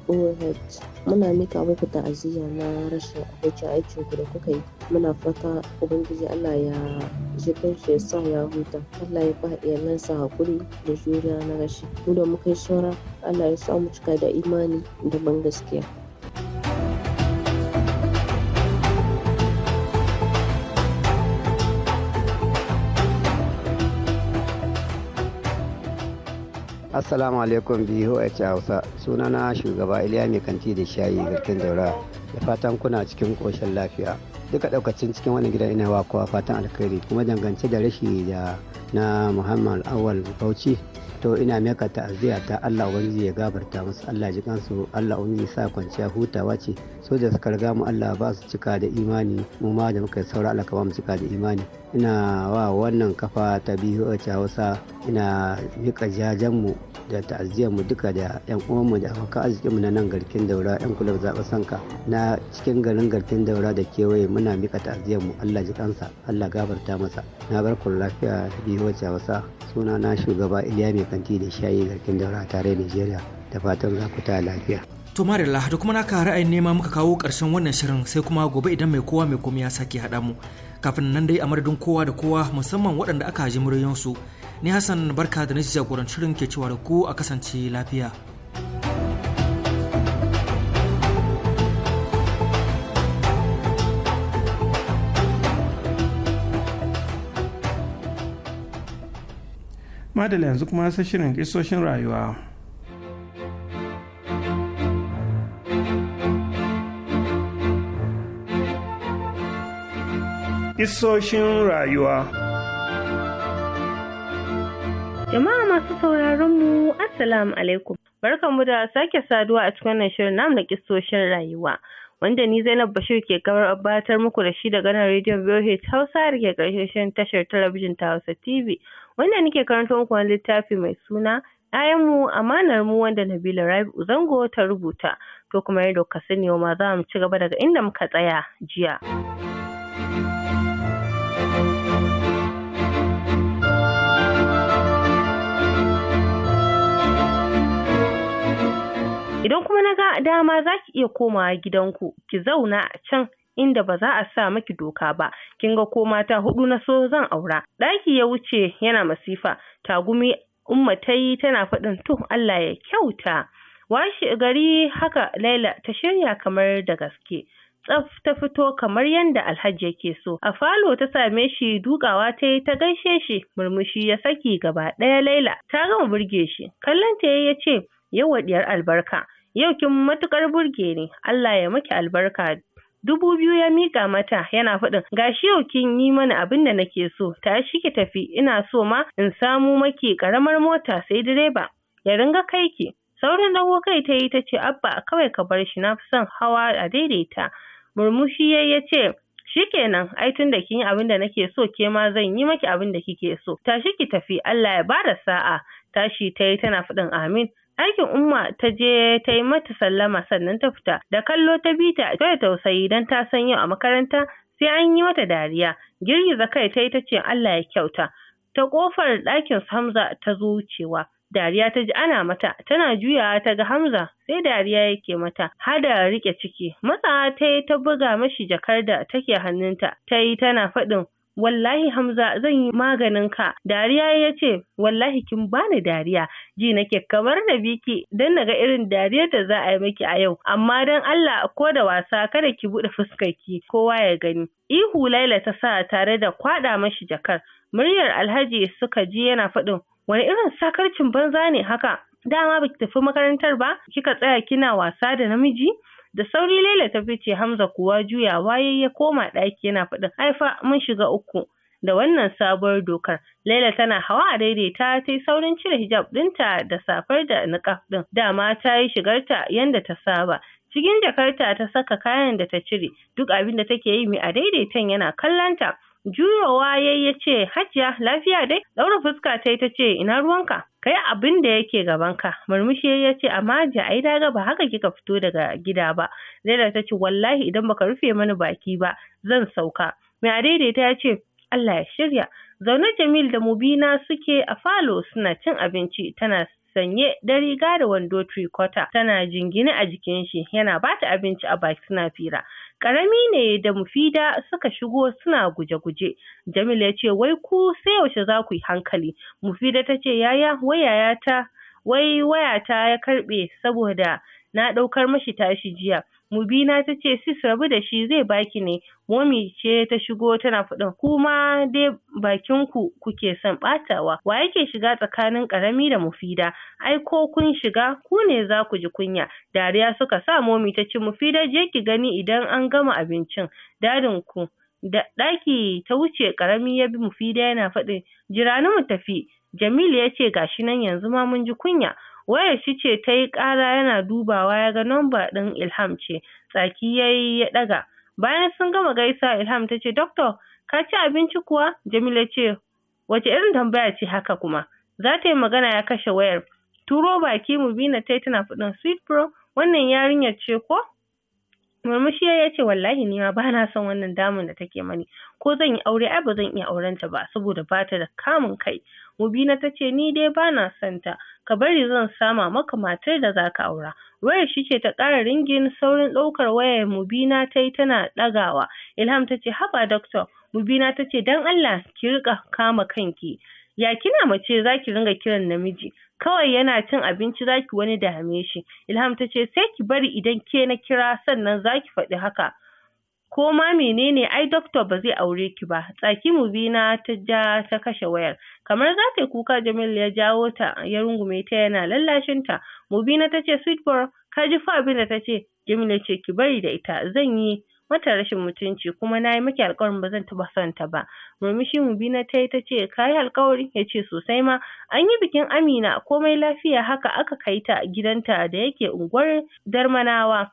VOH. Muna mika muku ta'aziyya na rashin abokin aikin ku da kuka yi. Muna fata Ubangiji Allah ya ji kanshi ya sa ya huta. Allah ya ba sa hakuri da juriya na rashi. Mu da muka yi saura Allah ya sa mu cika da imani da ban gaskiya. assalamu alaikum biyu a hausa sunana shugaba iliya mai kanti da shayi garkin daura da fatan kuna cikin koshin lafiya duka daukacin cikin wani gidan ina wa kowa fatan alkhairi kuma dangance da rashi da na muhammad awal bauchi to ina maka ta'aziyya ta Allah ubangiji ya gabarta musu Allah ji kansu Allah ubangiji sa kwanciya hutawa ce soja suka riga mu Allah ba su cika da imani mu ma da muka saura Allah ka mu cika da imani ina wa wannan kafa ta BOH Hausa ina mika mu da ta'aziyar mu duka da yan uwanmu da abokan arzikin mu na nan garkin daura yan kulab zaɓa sanka na cikin garin garkin daura da kewaye muna mika ta'aziyar mu Allah ji kansa Allah gafarta masa na bar ku lafiya a Hausa suna na shugaba Iliya mai kanti da shayi garkin daura tare Nigeria da fatan za ku ta lafiya. To Marilla da kuma naka ra'ayin nema muka kawo ƙarshen wannan shirin sai kuma gobe idan mai kowa mai komai ya sake haɗa mu. Kafin nan dai a madadin kowa da kowa musamman waɗanda aka ji su Ni Hassan barka da na jagorancin ke cewa da ku a kasance lafiya. Madalla yanzu kuma sai shirin kisoshin rayuwa. isoshin rayuwa. Jama'a masu sauraron mu Assalamu alaikum. Barkanmu da sake saduwa a cikin wannan shirin namu na kisoshin rayuwa. Wanda ni Zainab Bashir ke kamar abatar muku da shi daga nan rediyon VOH Hausa da ke karshen tashar talabijin ta Hausa TV. Wanda nake karanta muku wani littafi mai suna mu amanar mu wanda Nabila Rabi'u Zango ta rubuta. To kuma yadda ka sani ma za mu ci gaba daga inda muka tsaya jiya. Idan kuma na ga dama za ki iya komawa gidanku ki zauna a can inda ba za a sa miki doka ba. Kin ga ko mata huɗu na so zan aura. Ɗaki ya wuce yana masifa. Tagumi Umma ta tana faɗin to Allah ya kyauta. Washe gari haka Laila ta shirya kamar da gaske. tsaf ta fito kamar yadda Alhaji yake so. A falo ta same shi dukawa ta yi ta gaishe shi murmushi ya saki gaba ɗaya Laila ta gama burge shi. Kallon ta ya ce Yau diyar albarka yau kin matukar burge ne. Allah ya miki albarka dubu biyu ya mika mata yana faɗin gashi yau kin yi mana abin da nake so tashi ki tafi ina so ma in samu maki karamar mota sai direba ya ringa kai ki saurin dago kai ta yi ta ce abba kawai ka bar shi na son hawa a daidaita murmushi yayi ya ce shikenan ai tunda kin yi abin da nake so ke ma zan yi maki abin da kike so tashi ki tafi Allah ya bada sa'a tashi ta yi tana faɗin amin ɗakin umma ta je ta yi mata sallama sannan ta fita da kallo ta bi ta da tausayi don ta san yau a makaranta sai an yi mata dariya girgiza kai ta yi ta ce Allah ya kyauta ta ƙofar ɗakin Hamza ta zo wucewa dariya ta ji ana mata tana juyawa ta ga Hamza sai dariya yake mata hada riƙe ciki matsa ta yi ta buga mashi jakar da take hannunta ta yi tana faɗin wallahi Hamza zan yi maganin ka dariya ya ce wallahi kin bani dariya ji nake kamar na biki dan naga irin dariyar da za a yi miki a yau amma dan Allah ko da wasa kada ki fuskar fuskarki kowa ya gani ihu Laila ta sa tare da kwaɗa mashi jakar muryar Alhaji suka ji yana faɗin wani irin sakarcin banza ne haka dama baki tafi makarantar ba kika tsaya kina wasa da namiji da sauri laila ta fice hamza kuwa juyawa yayi ya koma ɗaki yana faɗin haifa mun shiga uku da wannan sabuwar dokar laila tana hawa a daidaita ta yi saurin cire hijab ɗinta da safar da niƙaf ɗin dama ta yi shigarta yanda ta saba cikin jakarta ta saka kayan da ta cire duk abin da take yi mai a daidaitan yana kallonta juyowa ya ya ce hajiya lafiya dai ɗaura fuska ta yi ta ce ina ruwanka kai abin da yake gabanka murmushi ya ce amma ji ai daga ba haka kika fito daga gida ba Zainab ta ce wallahi idan baka rufe mani baki ba zan sauka mai daidaita ya ce Allah ya shirya zaune Jamil da Mubina suke a falo suna cin abinci tana sanye da riga da wando tricota tana jingine a jikin shi yana bata abinci a baki suna fira Karami ne da Mufida suka shigo suna guje-guje. Jamil ya ce wai ku sai yaushe za ku yi hankali. Mufida ta ce yaya wai wai wayata ya karɓe saboda na ɗaukar mashi tashi jiya. Mubina ta ce sis rabu da shi zai baki ne. Momi ce ta shigo tana faɗin kuma dai bakin ku kuke son ɓatawa. Wa yake shiga tsakanin ƙarami da mufida? Ai ko kun shiga ku ne za ku ji kunya. Dariya suka sa momi ta ce mufida je ki gani idan an gama abincin. Dadin ku da ɗaki ta wuce ƙarami ya bi mufida yana faɗin jira ni mu tafi. Jamilu ya ce gashi nan yanzu ma mun ji kunya. wayar shi ce ta yi ƙara yana dubawa ya ga nomba ɗin Ilham ce, tsaki ya yi ya ɗaga. Bayan sun gama gaisa Ilham ta ce, Doktor, ka ci abinci kuwa? Jamila ce, wace irin tambaya ce haka kuma? Za ta yi magana ya kashe wayar. Turo baki mu na tai tana faɗin sweet bro, wannan yarinyar ce ko? Murmushi ya ce wallahi ni ma ba na son wannan damun da take mani, ko zan yi aure ai ba zan iya auren ta ba saboda ba ta da kamun kai. Mubina ta ce ni dai ba na son ta, ka bari zan sama maka matar da za ka aura. Wayar shi ce ta ƙara ringin saurin ɗaukar wayar Mubina ta yi tana ɗagawa. Ilham ta ce haba doctor, Mubina ta ce don Allah ki riƙa kama kanki. Ya kina mace za ki ringa kiran namiji, kawai yana cin abinci za ki wani dame shi. Ilham ta ce sai ki bari idan ke na kira sannan za ki faɗi haka. ko ma menene ai doctor ba zai aure ki ba tsaki mubina ta ja ta kashe wayar kamar za ta yi kuka Jamilu ya jawo ta ya rungume ta yana lallashin ta mubina ta ce sweet boy ka ji fa abin da ta ce Jamilu ya ce ki bari da ita zan yi mata rashin mutunci kuma na yi miki alƙawarin ba zan taɓa son ta ba murmushi mubina ta yi ta ce ka yi alƙawari ya ce sosai ma an yi bikin amina komai lafiya haka aka kai ta gidanta da yake unguwar darmanawa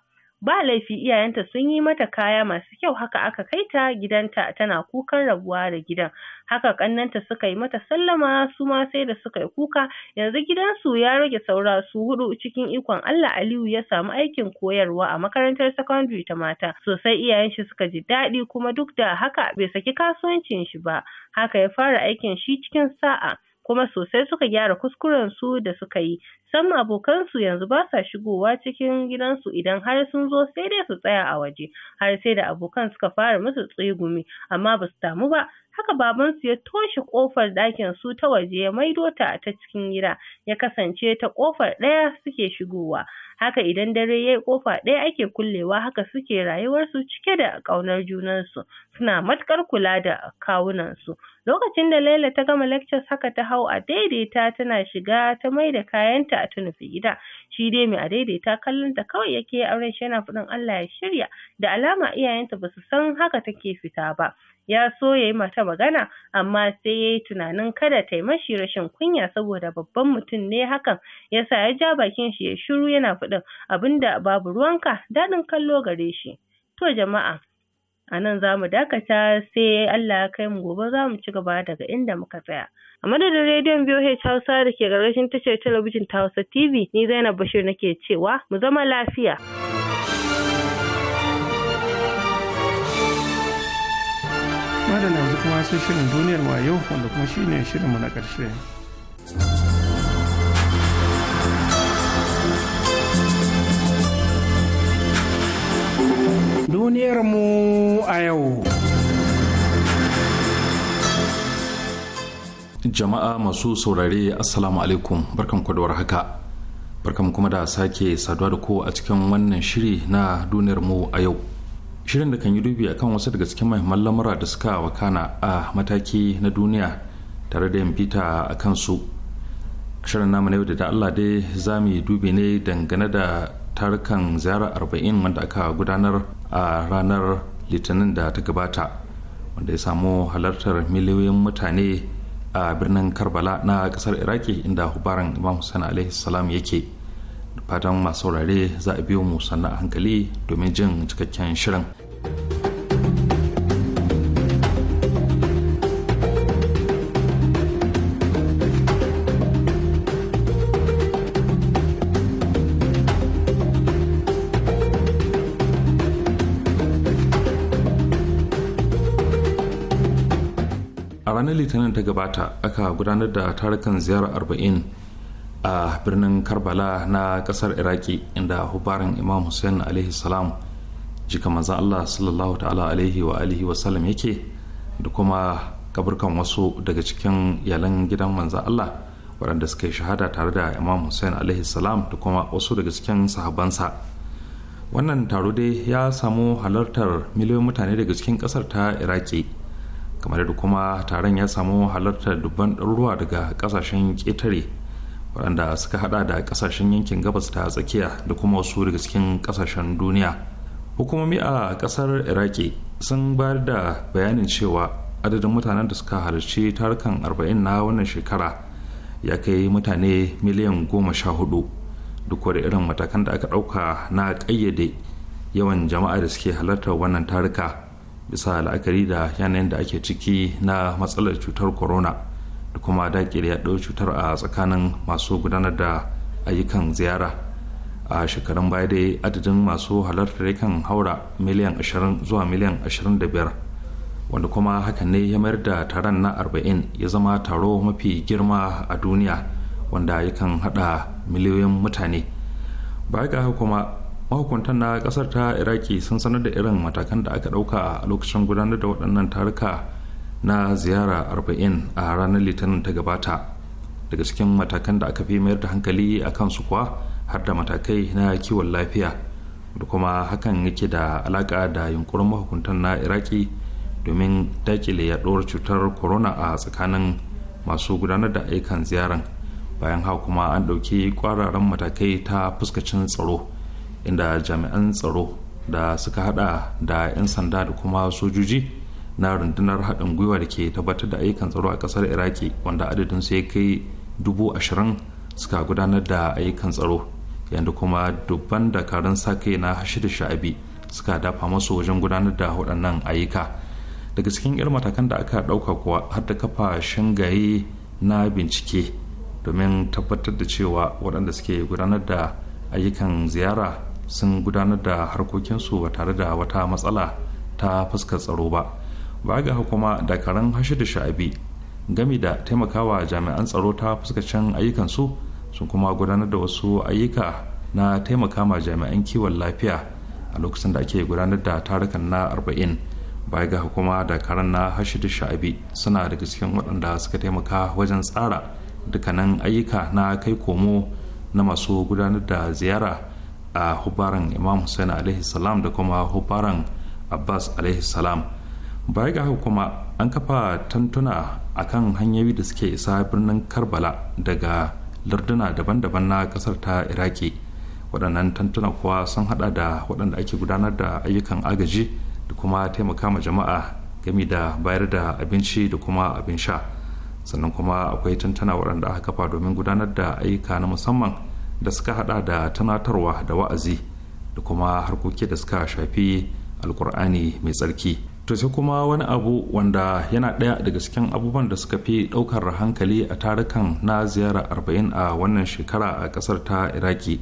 ba laifi iyayenta sun yi mata kaya masu kyau haka aka kai ta gidanta tana kukan rabuwa da gidan haka kannanta suka yi mata sallama su ma sai da suka yi kuka yanzu gidansu ya rage saura su hudu cikin ikon Allah Aliyu ya samu aikin koyarwa a makarantar secondary ta mata sosai iyayen shi suka ji daɗi kuma duk da haka bai saki kasuwancin shi ba haka ya fara aikin shi cikin sa'a kuma sosai suka gyara kuskuren su da suka yi sam abokansu yanzu ba sa shigowa cikin gidansu idan har sun zo sai dai su tsaya a waje har sai da abokan suka fara musu tsegumi amma ba su damu ba haka babansu ya toshe ƙofar ɗakin su ta waje ya maido ta ta cikin gida ya kasance ta ƙofar ɗaya suke shigowa haka idan dare yayi kofa ɗaya ake kullewa haka suke rayuwarsu cike da ƙaunar junansu suna matuƙar kula da kawunansu lokacin da Laila ta gama lectures haka ta hau a daidaita tana shiga ta mai da kayanta a tunufi gida shi dai mai a daidaita kallon ta kawai yake auren shi yana faɗin Allah ya shirya da alama iyayenta basu san haka take fita ba ya so ya yi mata magana amma sai ya yi tunanin kada ta yi mashi rashin kunya saboda babban mutum ne hakan yasa ya ja bakin shi ya shiru yana kuɗin abinda babu ruwanka daɗin kallo gare shi to jama'a a nan za mu dakata sai Allah ya kai mu gobe za mu ci gaba daga inda muka tsaya a madadin rediyon BOH Hausa da ke ƙarƙashin tashar talabijin ta Hausa TV ni Zainab Bashir nake cewa mu zama lafiya. madalla yanzu kuma sai shirin duniyar wayo wanda kuma shine shirinmu na ƙarshe Duniyarmu a yau. Jama'a masu saurare Assalamu alaikum barkan da haka. Barkan kuma da sake saduwa da ko a cikin wannan shiri na duniyarmu a yau. Shirin da kan yi dubi akan wasu daga cikin mahimman lamura da suka wakana a mataki na duniya tare da yin bita a kansu. Shirin namu na yau da Allah dai za mu yi dubi ne dangane da tarukan ziyara arba'in wanda aka gudanar a ranar litinin da ta gabata wanda ya samu halartar miliyoyin mutane a birnin karbala na kasar iraki inda hubaran imam hussein alaihi salam yake fatan masu saurare za a biyo mu sannan hankali domin jin cikakken shirin litinin ta gabata aka gudanar da tarukan ziyarar arba'in a birnin karbala na kasar iraki inda hubarin imam hussein alaihi salam jika maza allah sallallahu ta'ala alaihi wa alihi wasallam yake da kuma kaburkan wasu daga cikin yalan gidan manza allah waɗanda suka yi shahada tare da imam hussein alaihi salam da kuma wasu daga cikin sahabansa wannan taro dai ya samu halartar miliyoyin mutane daga cikin kasar ta iraki kamar da kuma taron ya samu halartar dubban ɗaruruwa daga ƙasashen ƙetare waɗanda suka hada da ƙasashen yankin gabas ta tsakiya da kuma wasu daga cikin ƙasashen duniya hukumomi a ƙasar iraki sun bayar da bayanin cewa adadin mutanen da suka halarci tarukan arba'in na wannan shekara ya kai mutane miliyan goma sha hudu duk da irin matakan da aka ɗauka na ƙayyade yawan jama'a da suke halartar wannan taruka bisa la'akari da yanayin da ake ciki na matsalar cutar corona da kuma dakile yaɗo cutar a tsakanin masu gudanar da ayyukan ziyara a shekarun baya dai adadin masu halartar yakan haura miliyan 20 zuwa miliyan 25 wanda kuma hakan ne ya mayar da taron na 40 ya zama taro mafi girma a duniya wanda yakan hada miliyoyin mutane baya ga kuma mahukuntan na kasar ta iraki sun sanar da irin matakan da aka dauka a lokacin gudanar da waɗannan taruka na ziyara 40 a ranar litinin ta gabata daga cikin matakan da aka fi mayar da hankali a kansu kuwa har da matakai na kiwon lafiya da kuma hakan yake da alaka da yunkurin mahukuntan na iraki domin dakile yaɗuwar cutar corona a tsakanin masu gudanar da ayyukan ziyaran bayan haka kuma an ɗauki kwararan matakai ta fuskacin tsaro inda jami'an tsaro da suka hada da 'yan sanda da kuma sojoji na rundunar haɗin gwiwa da ke tabbatar da ayyukan tsaro a ƙasar iraki wanda adadin su ya kai dubu ashirin suka gudanar da ayyukan tsaro yadda kuma dubban dakarun sa kai na da sha'abi suka dafa masu wajen gudanar da waɗannan ayyuka daga cikin irin matakan da aka ɗauka kuwa har da kafa shingaye na bincike domin tabbatar da cewa waɗanda suke gudanar da ayyukan ziyara sun gudanar da harkokinsu ba tare da wata matsala ta fuskar tsaro ba ba ga karan hashe da sha'abi gami da taimakawa jami'an tsaro ta fuskacin ayyukansu sun kuma gudanar da wasu ayyuka na taimaka jami'an kiwon lafiya a lokacin da ake gudanar da tarukan na arba'in baya ga hukuma da karen na da sha'abi suna daga cikin waɗanda suka taimaka wajen tsara dukkanin ayyuka na kai komo na masu gudanar da ziyara a hubaran imam hussein alaihi salam da kuma hubaran abbas alaihi salam baya ga haka kuma an kafa tantuna akan hanyoyi da suke isa birnin karbala daga larduna daban-daban na kasar ta iraki waɗannan tantuna kuwa sun hada da waɗanda ake gudanar da ayyukan agaji da kuma taimaka ma jama'a game da bayar da abinci da kuma abin sha sannan kuma akwai tantana waɗanda aka kafa domin gudanar da ayyuka na musamman da suka hada da tunatarwa da wa'azi da kuma harkoki da suka shafi alkur'ani mai tsarki to sai kuma wani abu wanda yana ɗaya daga cikin abubuwan da suka fi ɗaukar hankali a tarukan na ziyara arba'in a wannan shekara a ƙasar ta iraki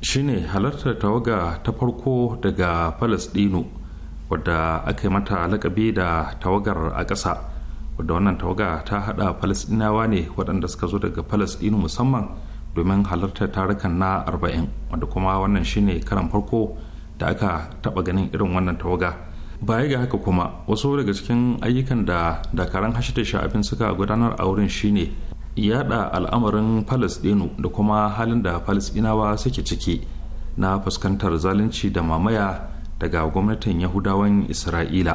shine halartar tawaga ta farko daga palestino wadda aka yi mata lakabi da tawagar a ƙasa wadda wannan tawaga ta haɗa palestinawa ne waɗanda suka zo daga palestino musamman domin halartar tarukan na arba'in wanda kuma wannan shine karan farko da aka taba ganin irin wannan tawaga baya ga haka kuma wasu daga cikin ayyukan da dakaran hashe da sha'afin suka gudanar a wurin shine yada al'amarin palestino da kuma halin da palestinawa suke ciki na fuskantar zalunci da mamaya daga gwamnatin yahudawan isra'ila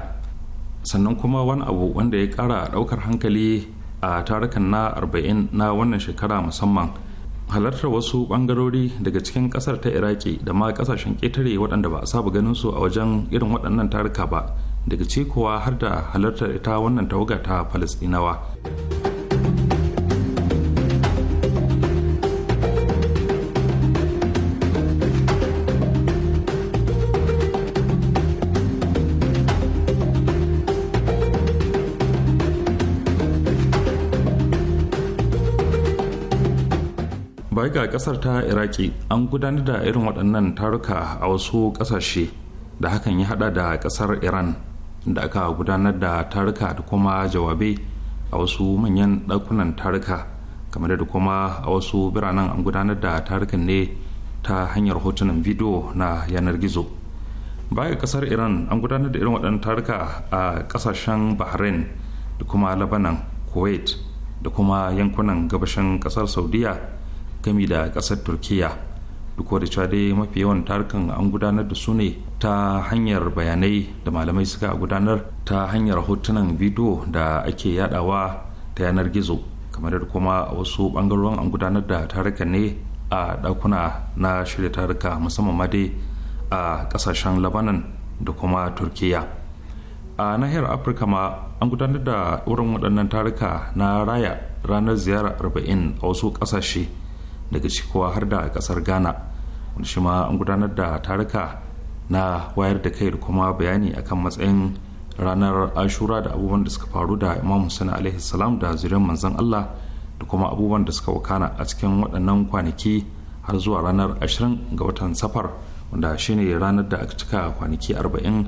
sannan kuma wani abu wanda ya kara daukar hankali a tarukan na arba'in na wannan shekara musamman halartar wasu bangarori daga cikin kasar ta iraki da ma kasashen ketare waɗanda ba a saba ganin su a wajen irin waɗannan taruka ba daga cikowa har da halartar ita wannan tawaga ta palestinawa. ga kasar ta iraki an gudanar da irin waɗannan taruka a wasu ƙasashe da hakan ya hada da ƙasar iran da aka gudanar da taruka da kuma jawabe a wasu manyan ɗakunan taruka kamar da kuma a wasu biranen an gudanar da tarukan ne ta hanyar hotunan bidiyo na yanar gizo baya kasar iran an gudanar da irin waɗannan taruka a ƙasashen bahrain da kuma labanan kuwait da kuma yankunan gabashin ƙasar saudiya gami da ƙasar turkiya duk da cewa dai mafi yawan tarukan an gudanar da su ne ta hanyar bayanai da malamai suka gudanar ta hanyar hotunan bidiyo da ake yadawa ta yanar gizo kamar da kuma wasu bangarorin an gudanar da tarika ne a dakuna na shirya taruka musamman ma dai a kasashen labanan da kuma turkiya a nahiyar afirka ma an gudanar da wurin waɗannan taruka na raya ranar ziyarar arba'in a wasu ƙasashe daga cikowa har da a kasar ghana wanda shi ma an gudanar da taruka na wayar da kai da kuma bayani akan matsayin ranar ashura da abubuwan da suka faru da imam hussein alaihi salam da zuriyar manzon allah da kuma abubuwan da suka wakana a cikin waɗannan kwanaki har zuwa ranar ashirin ga watan safar wanda shine ranar da aka cika kwanaki arba'in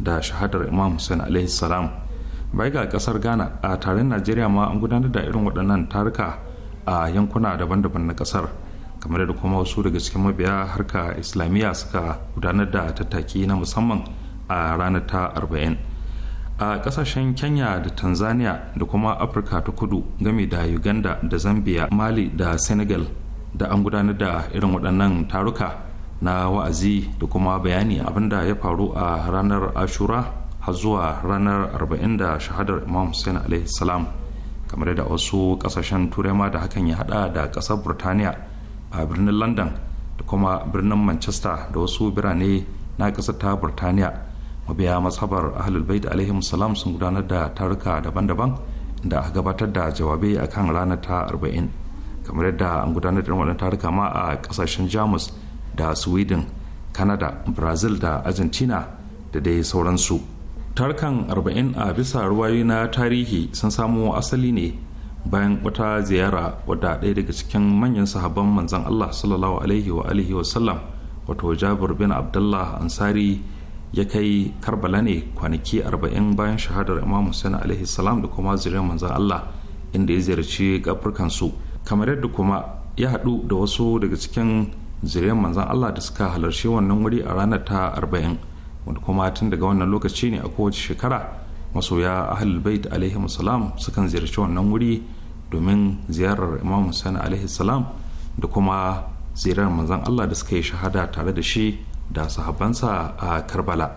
da shahadar imam hussein alaihi salam bai ga kasar ghana a taron najeriya ma an gudanar da irin waɗannan taruka a yankuna daban-daban na kasar kamar da kuma wasu daga cikin mabiya harka islamiyya suka gudanar da tattaki na musamman a ranar ta arba'in, a kasashen kenya da tanzania da kuma afirka ta kudu game da uganda da zambia mali da senegal da an gudanar da irin waɗannan taruka na wa'azi da kuma bayani abin da ya faru a ranar ashura har zuwa ranar arba'in da shahadar imam hussein alaihi salam kamar da wasu kasashen turai ma da hakan ya hada da kasar burtaniya a birnin london da kuma birnin manchester da wasu birane na kasar ta burtaniya mabiya mazhabar ahlul da alaihim salam sun gudanar da taruka daban-daban da a gabatar da jawabai akan ranar ta arba'in kamar yadda an gudanar da waɗannan taruka ma a kasashen jamus da sweden canada brazil da argentina da dai sauransu tarkan arba'in a bisa ruwayoyi na tarihi sun samo asali ne bayan wata ziyara wadda ɗaya daga cikin manyan sahabban manzan Allah sallallahu alaihi wa alihi wa sallam wato Jabir bin Abdullah Ansari ya kai Karbala ne kwanaki arba'in bayan shahadar Imam Hussein alaihi salam da kuma zuriyar manzan Allah inda ya ziyarci gafurkan su kamar yadda kuma ya haɗu da wasu daga cikin zuriyar manzan Allah da suka halarci wannan wuri a ranar ta arba'in. wanda kuma tun daga wannan lokaci ne a kowace shekara masoya ahlul bait alaihi salam sukan ziyarci wannan wuri domin ziyarar imam hussein alaihi salam da kuma ziyarar manzon allah da suka yi shahada tare da shi da sahabansa a karbala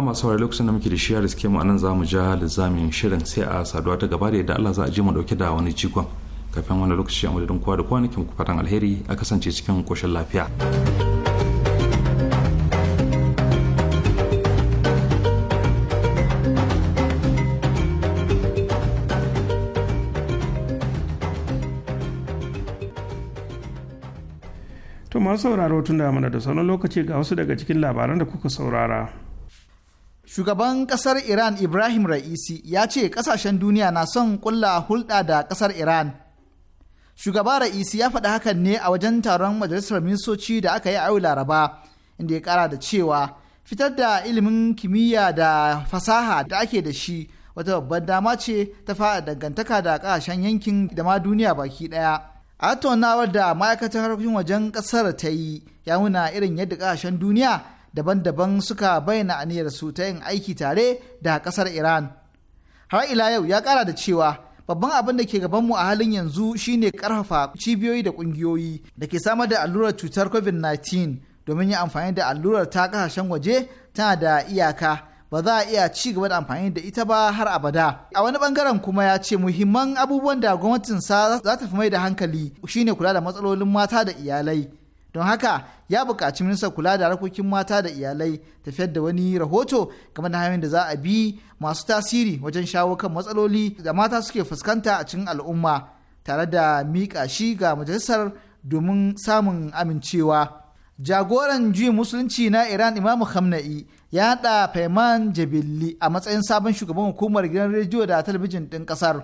jama'a masu saurari lokacin da muke da shi riske mu anan zamu ja lizamin shirin sai a saduwa ta gaba da yadda Allah za a je mu dauke da wani jikon kafin wani lokaci a madadin kowa da kowa nake muku fatan alheri a kasance cikin koshin lafiya. To masu sauraro tun da mana da sauran lokaci ga wasu daga cikin labaran da kuka saurara. Shugaban kasar Iran Ibrahim Ra'isi ya ce kasashen duniya na son kulla hulɗa da kasar Iran. Shugaba Ra'isi ya faɗi hakan ne a wajen taron majalisar ministoci da aka yi a yau Laraba, inda ya ƙara da cewa fitar da ilimin kimiyya da fasaha da ake da shi wata babban dama ce ta fara dangantaka da ƙasashen yankin da ma duniya baki ɗaya. A tattaunawar da ma'aikatar harkokin wajen ƙasar ta yi ya nuna irin yadda kasashen duniya daban-daban suka bayyana aniyarsu ta yin aiki tare da kasar Iran. Har ila yau ya kara da cewa babban abin da ke gabanmu a halin yanzu shine karfafa cibiyoyi da kungiyoyi da ke samar da allurar cutar COVID-19 domin yin amfani da allurar ta kasashen waje tana da iyaka ba za a iya ci gaba da amfani da ita ba har abada. A wani bangaren kuma ya ce muhimman abubuwan da sa za ta fi mai da hankali shine kula da matsalolin mata da iyalai. don haka ya buƙaci minista kula da harkokin mata da iyalai tafiyar da wani rahoto game da hanyoyin da za a bi masu tasiri wajen shawo kan matsaloli da mata suke fuskanta a cikin al'umma tare da miƙa shi ga majalisar domin samun amincewa jagoran juyin musulunci na iran imamu hamna'i ya haɗa faiman jabilli a matsayin sabon shugaban hukumar gidan rediyo da talabijin ɗin ƙasar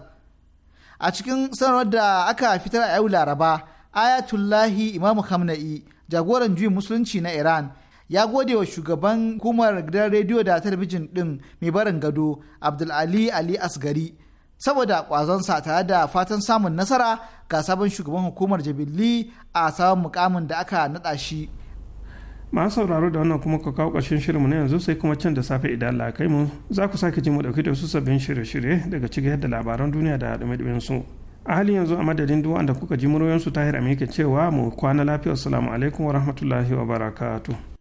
a cikin sanarwar da aka fitar a yau laraba ayatullahi imamu hamna'i jagoran juyin musulunci na iran ya gode wa shugaban hukumar gidan rediyo da talabijin din mai barin gado abdul ali ali asgari saboda kwazonsa tare da fatan samun nasara ga sabon shugaban hukumar jabili a sabon mukamin da aka naɗa shi masu sauraro da wannan kuma ka kawo ƙarshen shirinmu na yanzu sai kuma can da safe idan Allah kai mu za ku sake jin mu ɗauki da su sabbin shirye-shirye daga cikin yadda labaran duniya da dumi su a halin yanzu a madadin duk wanda kuka ji muryoyinsu tahir amike cewa mu kwana lafiya assalamu alaikum wa rahmatullahi wa barakatu.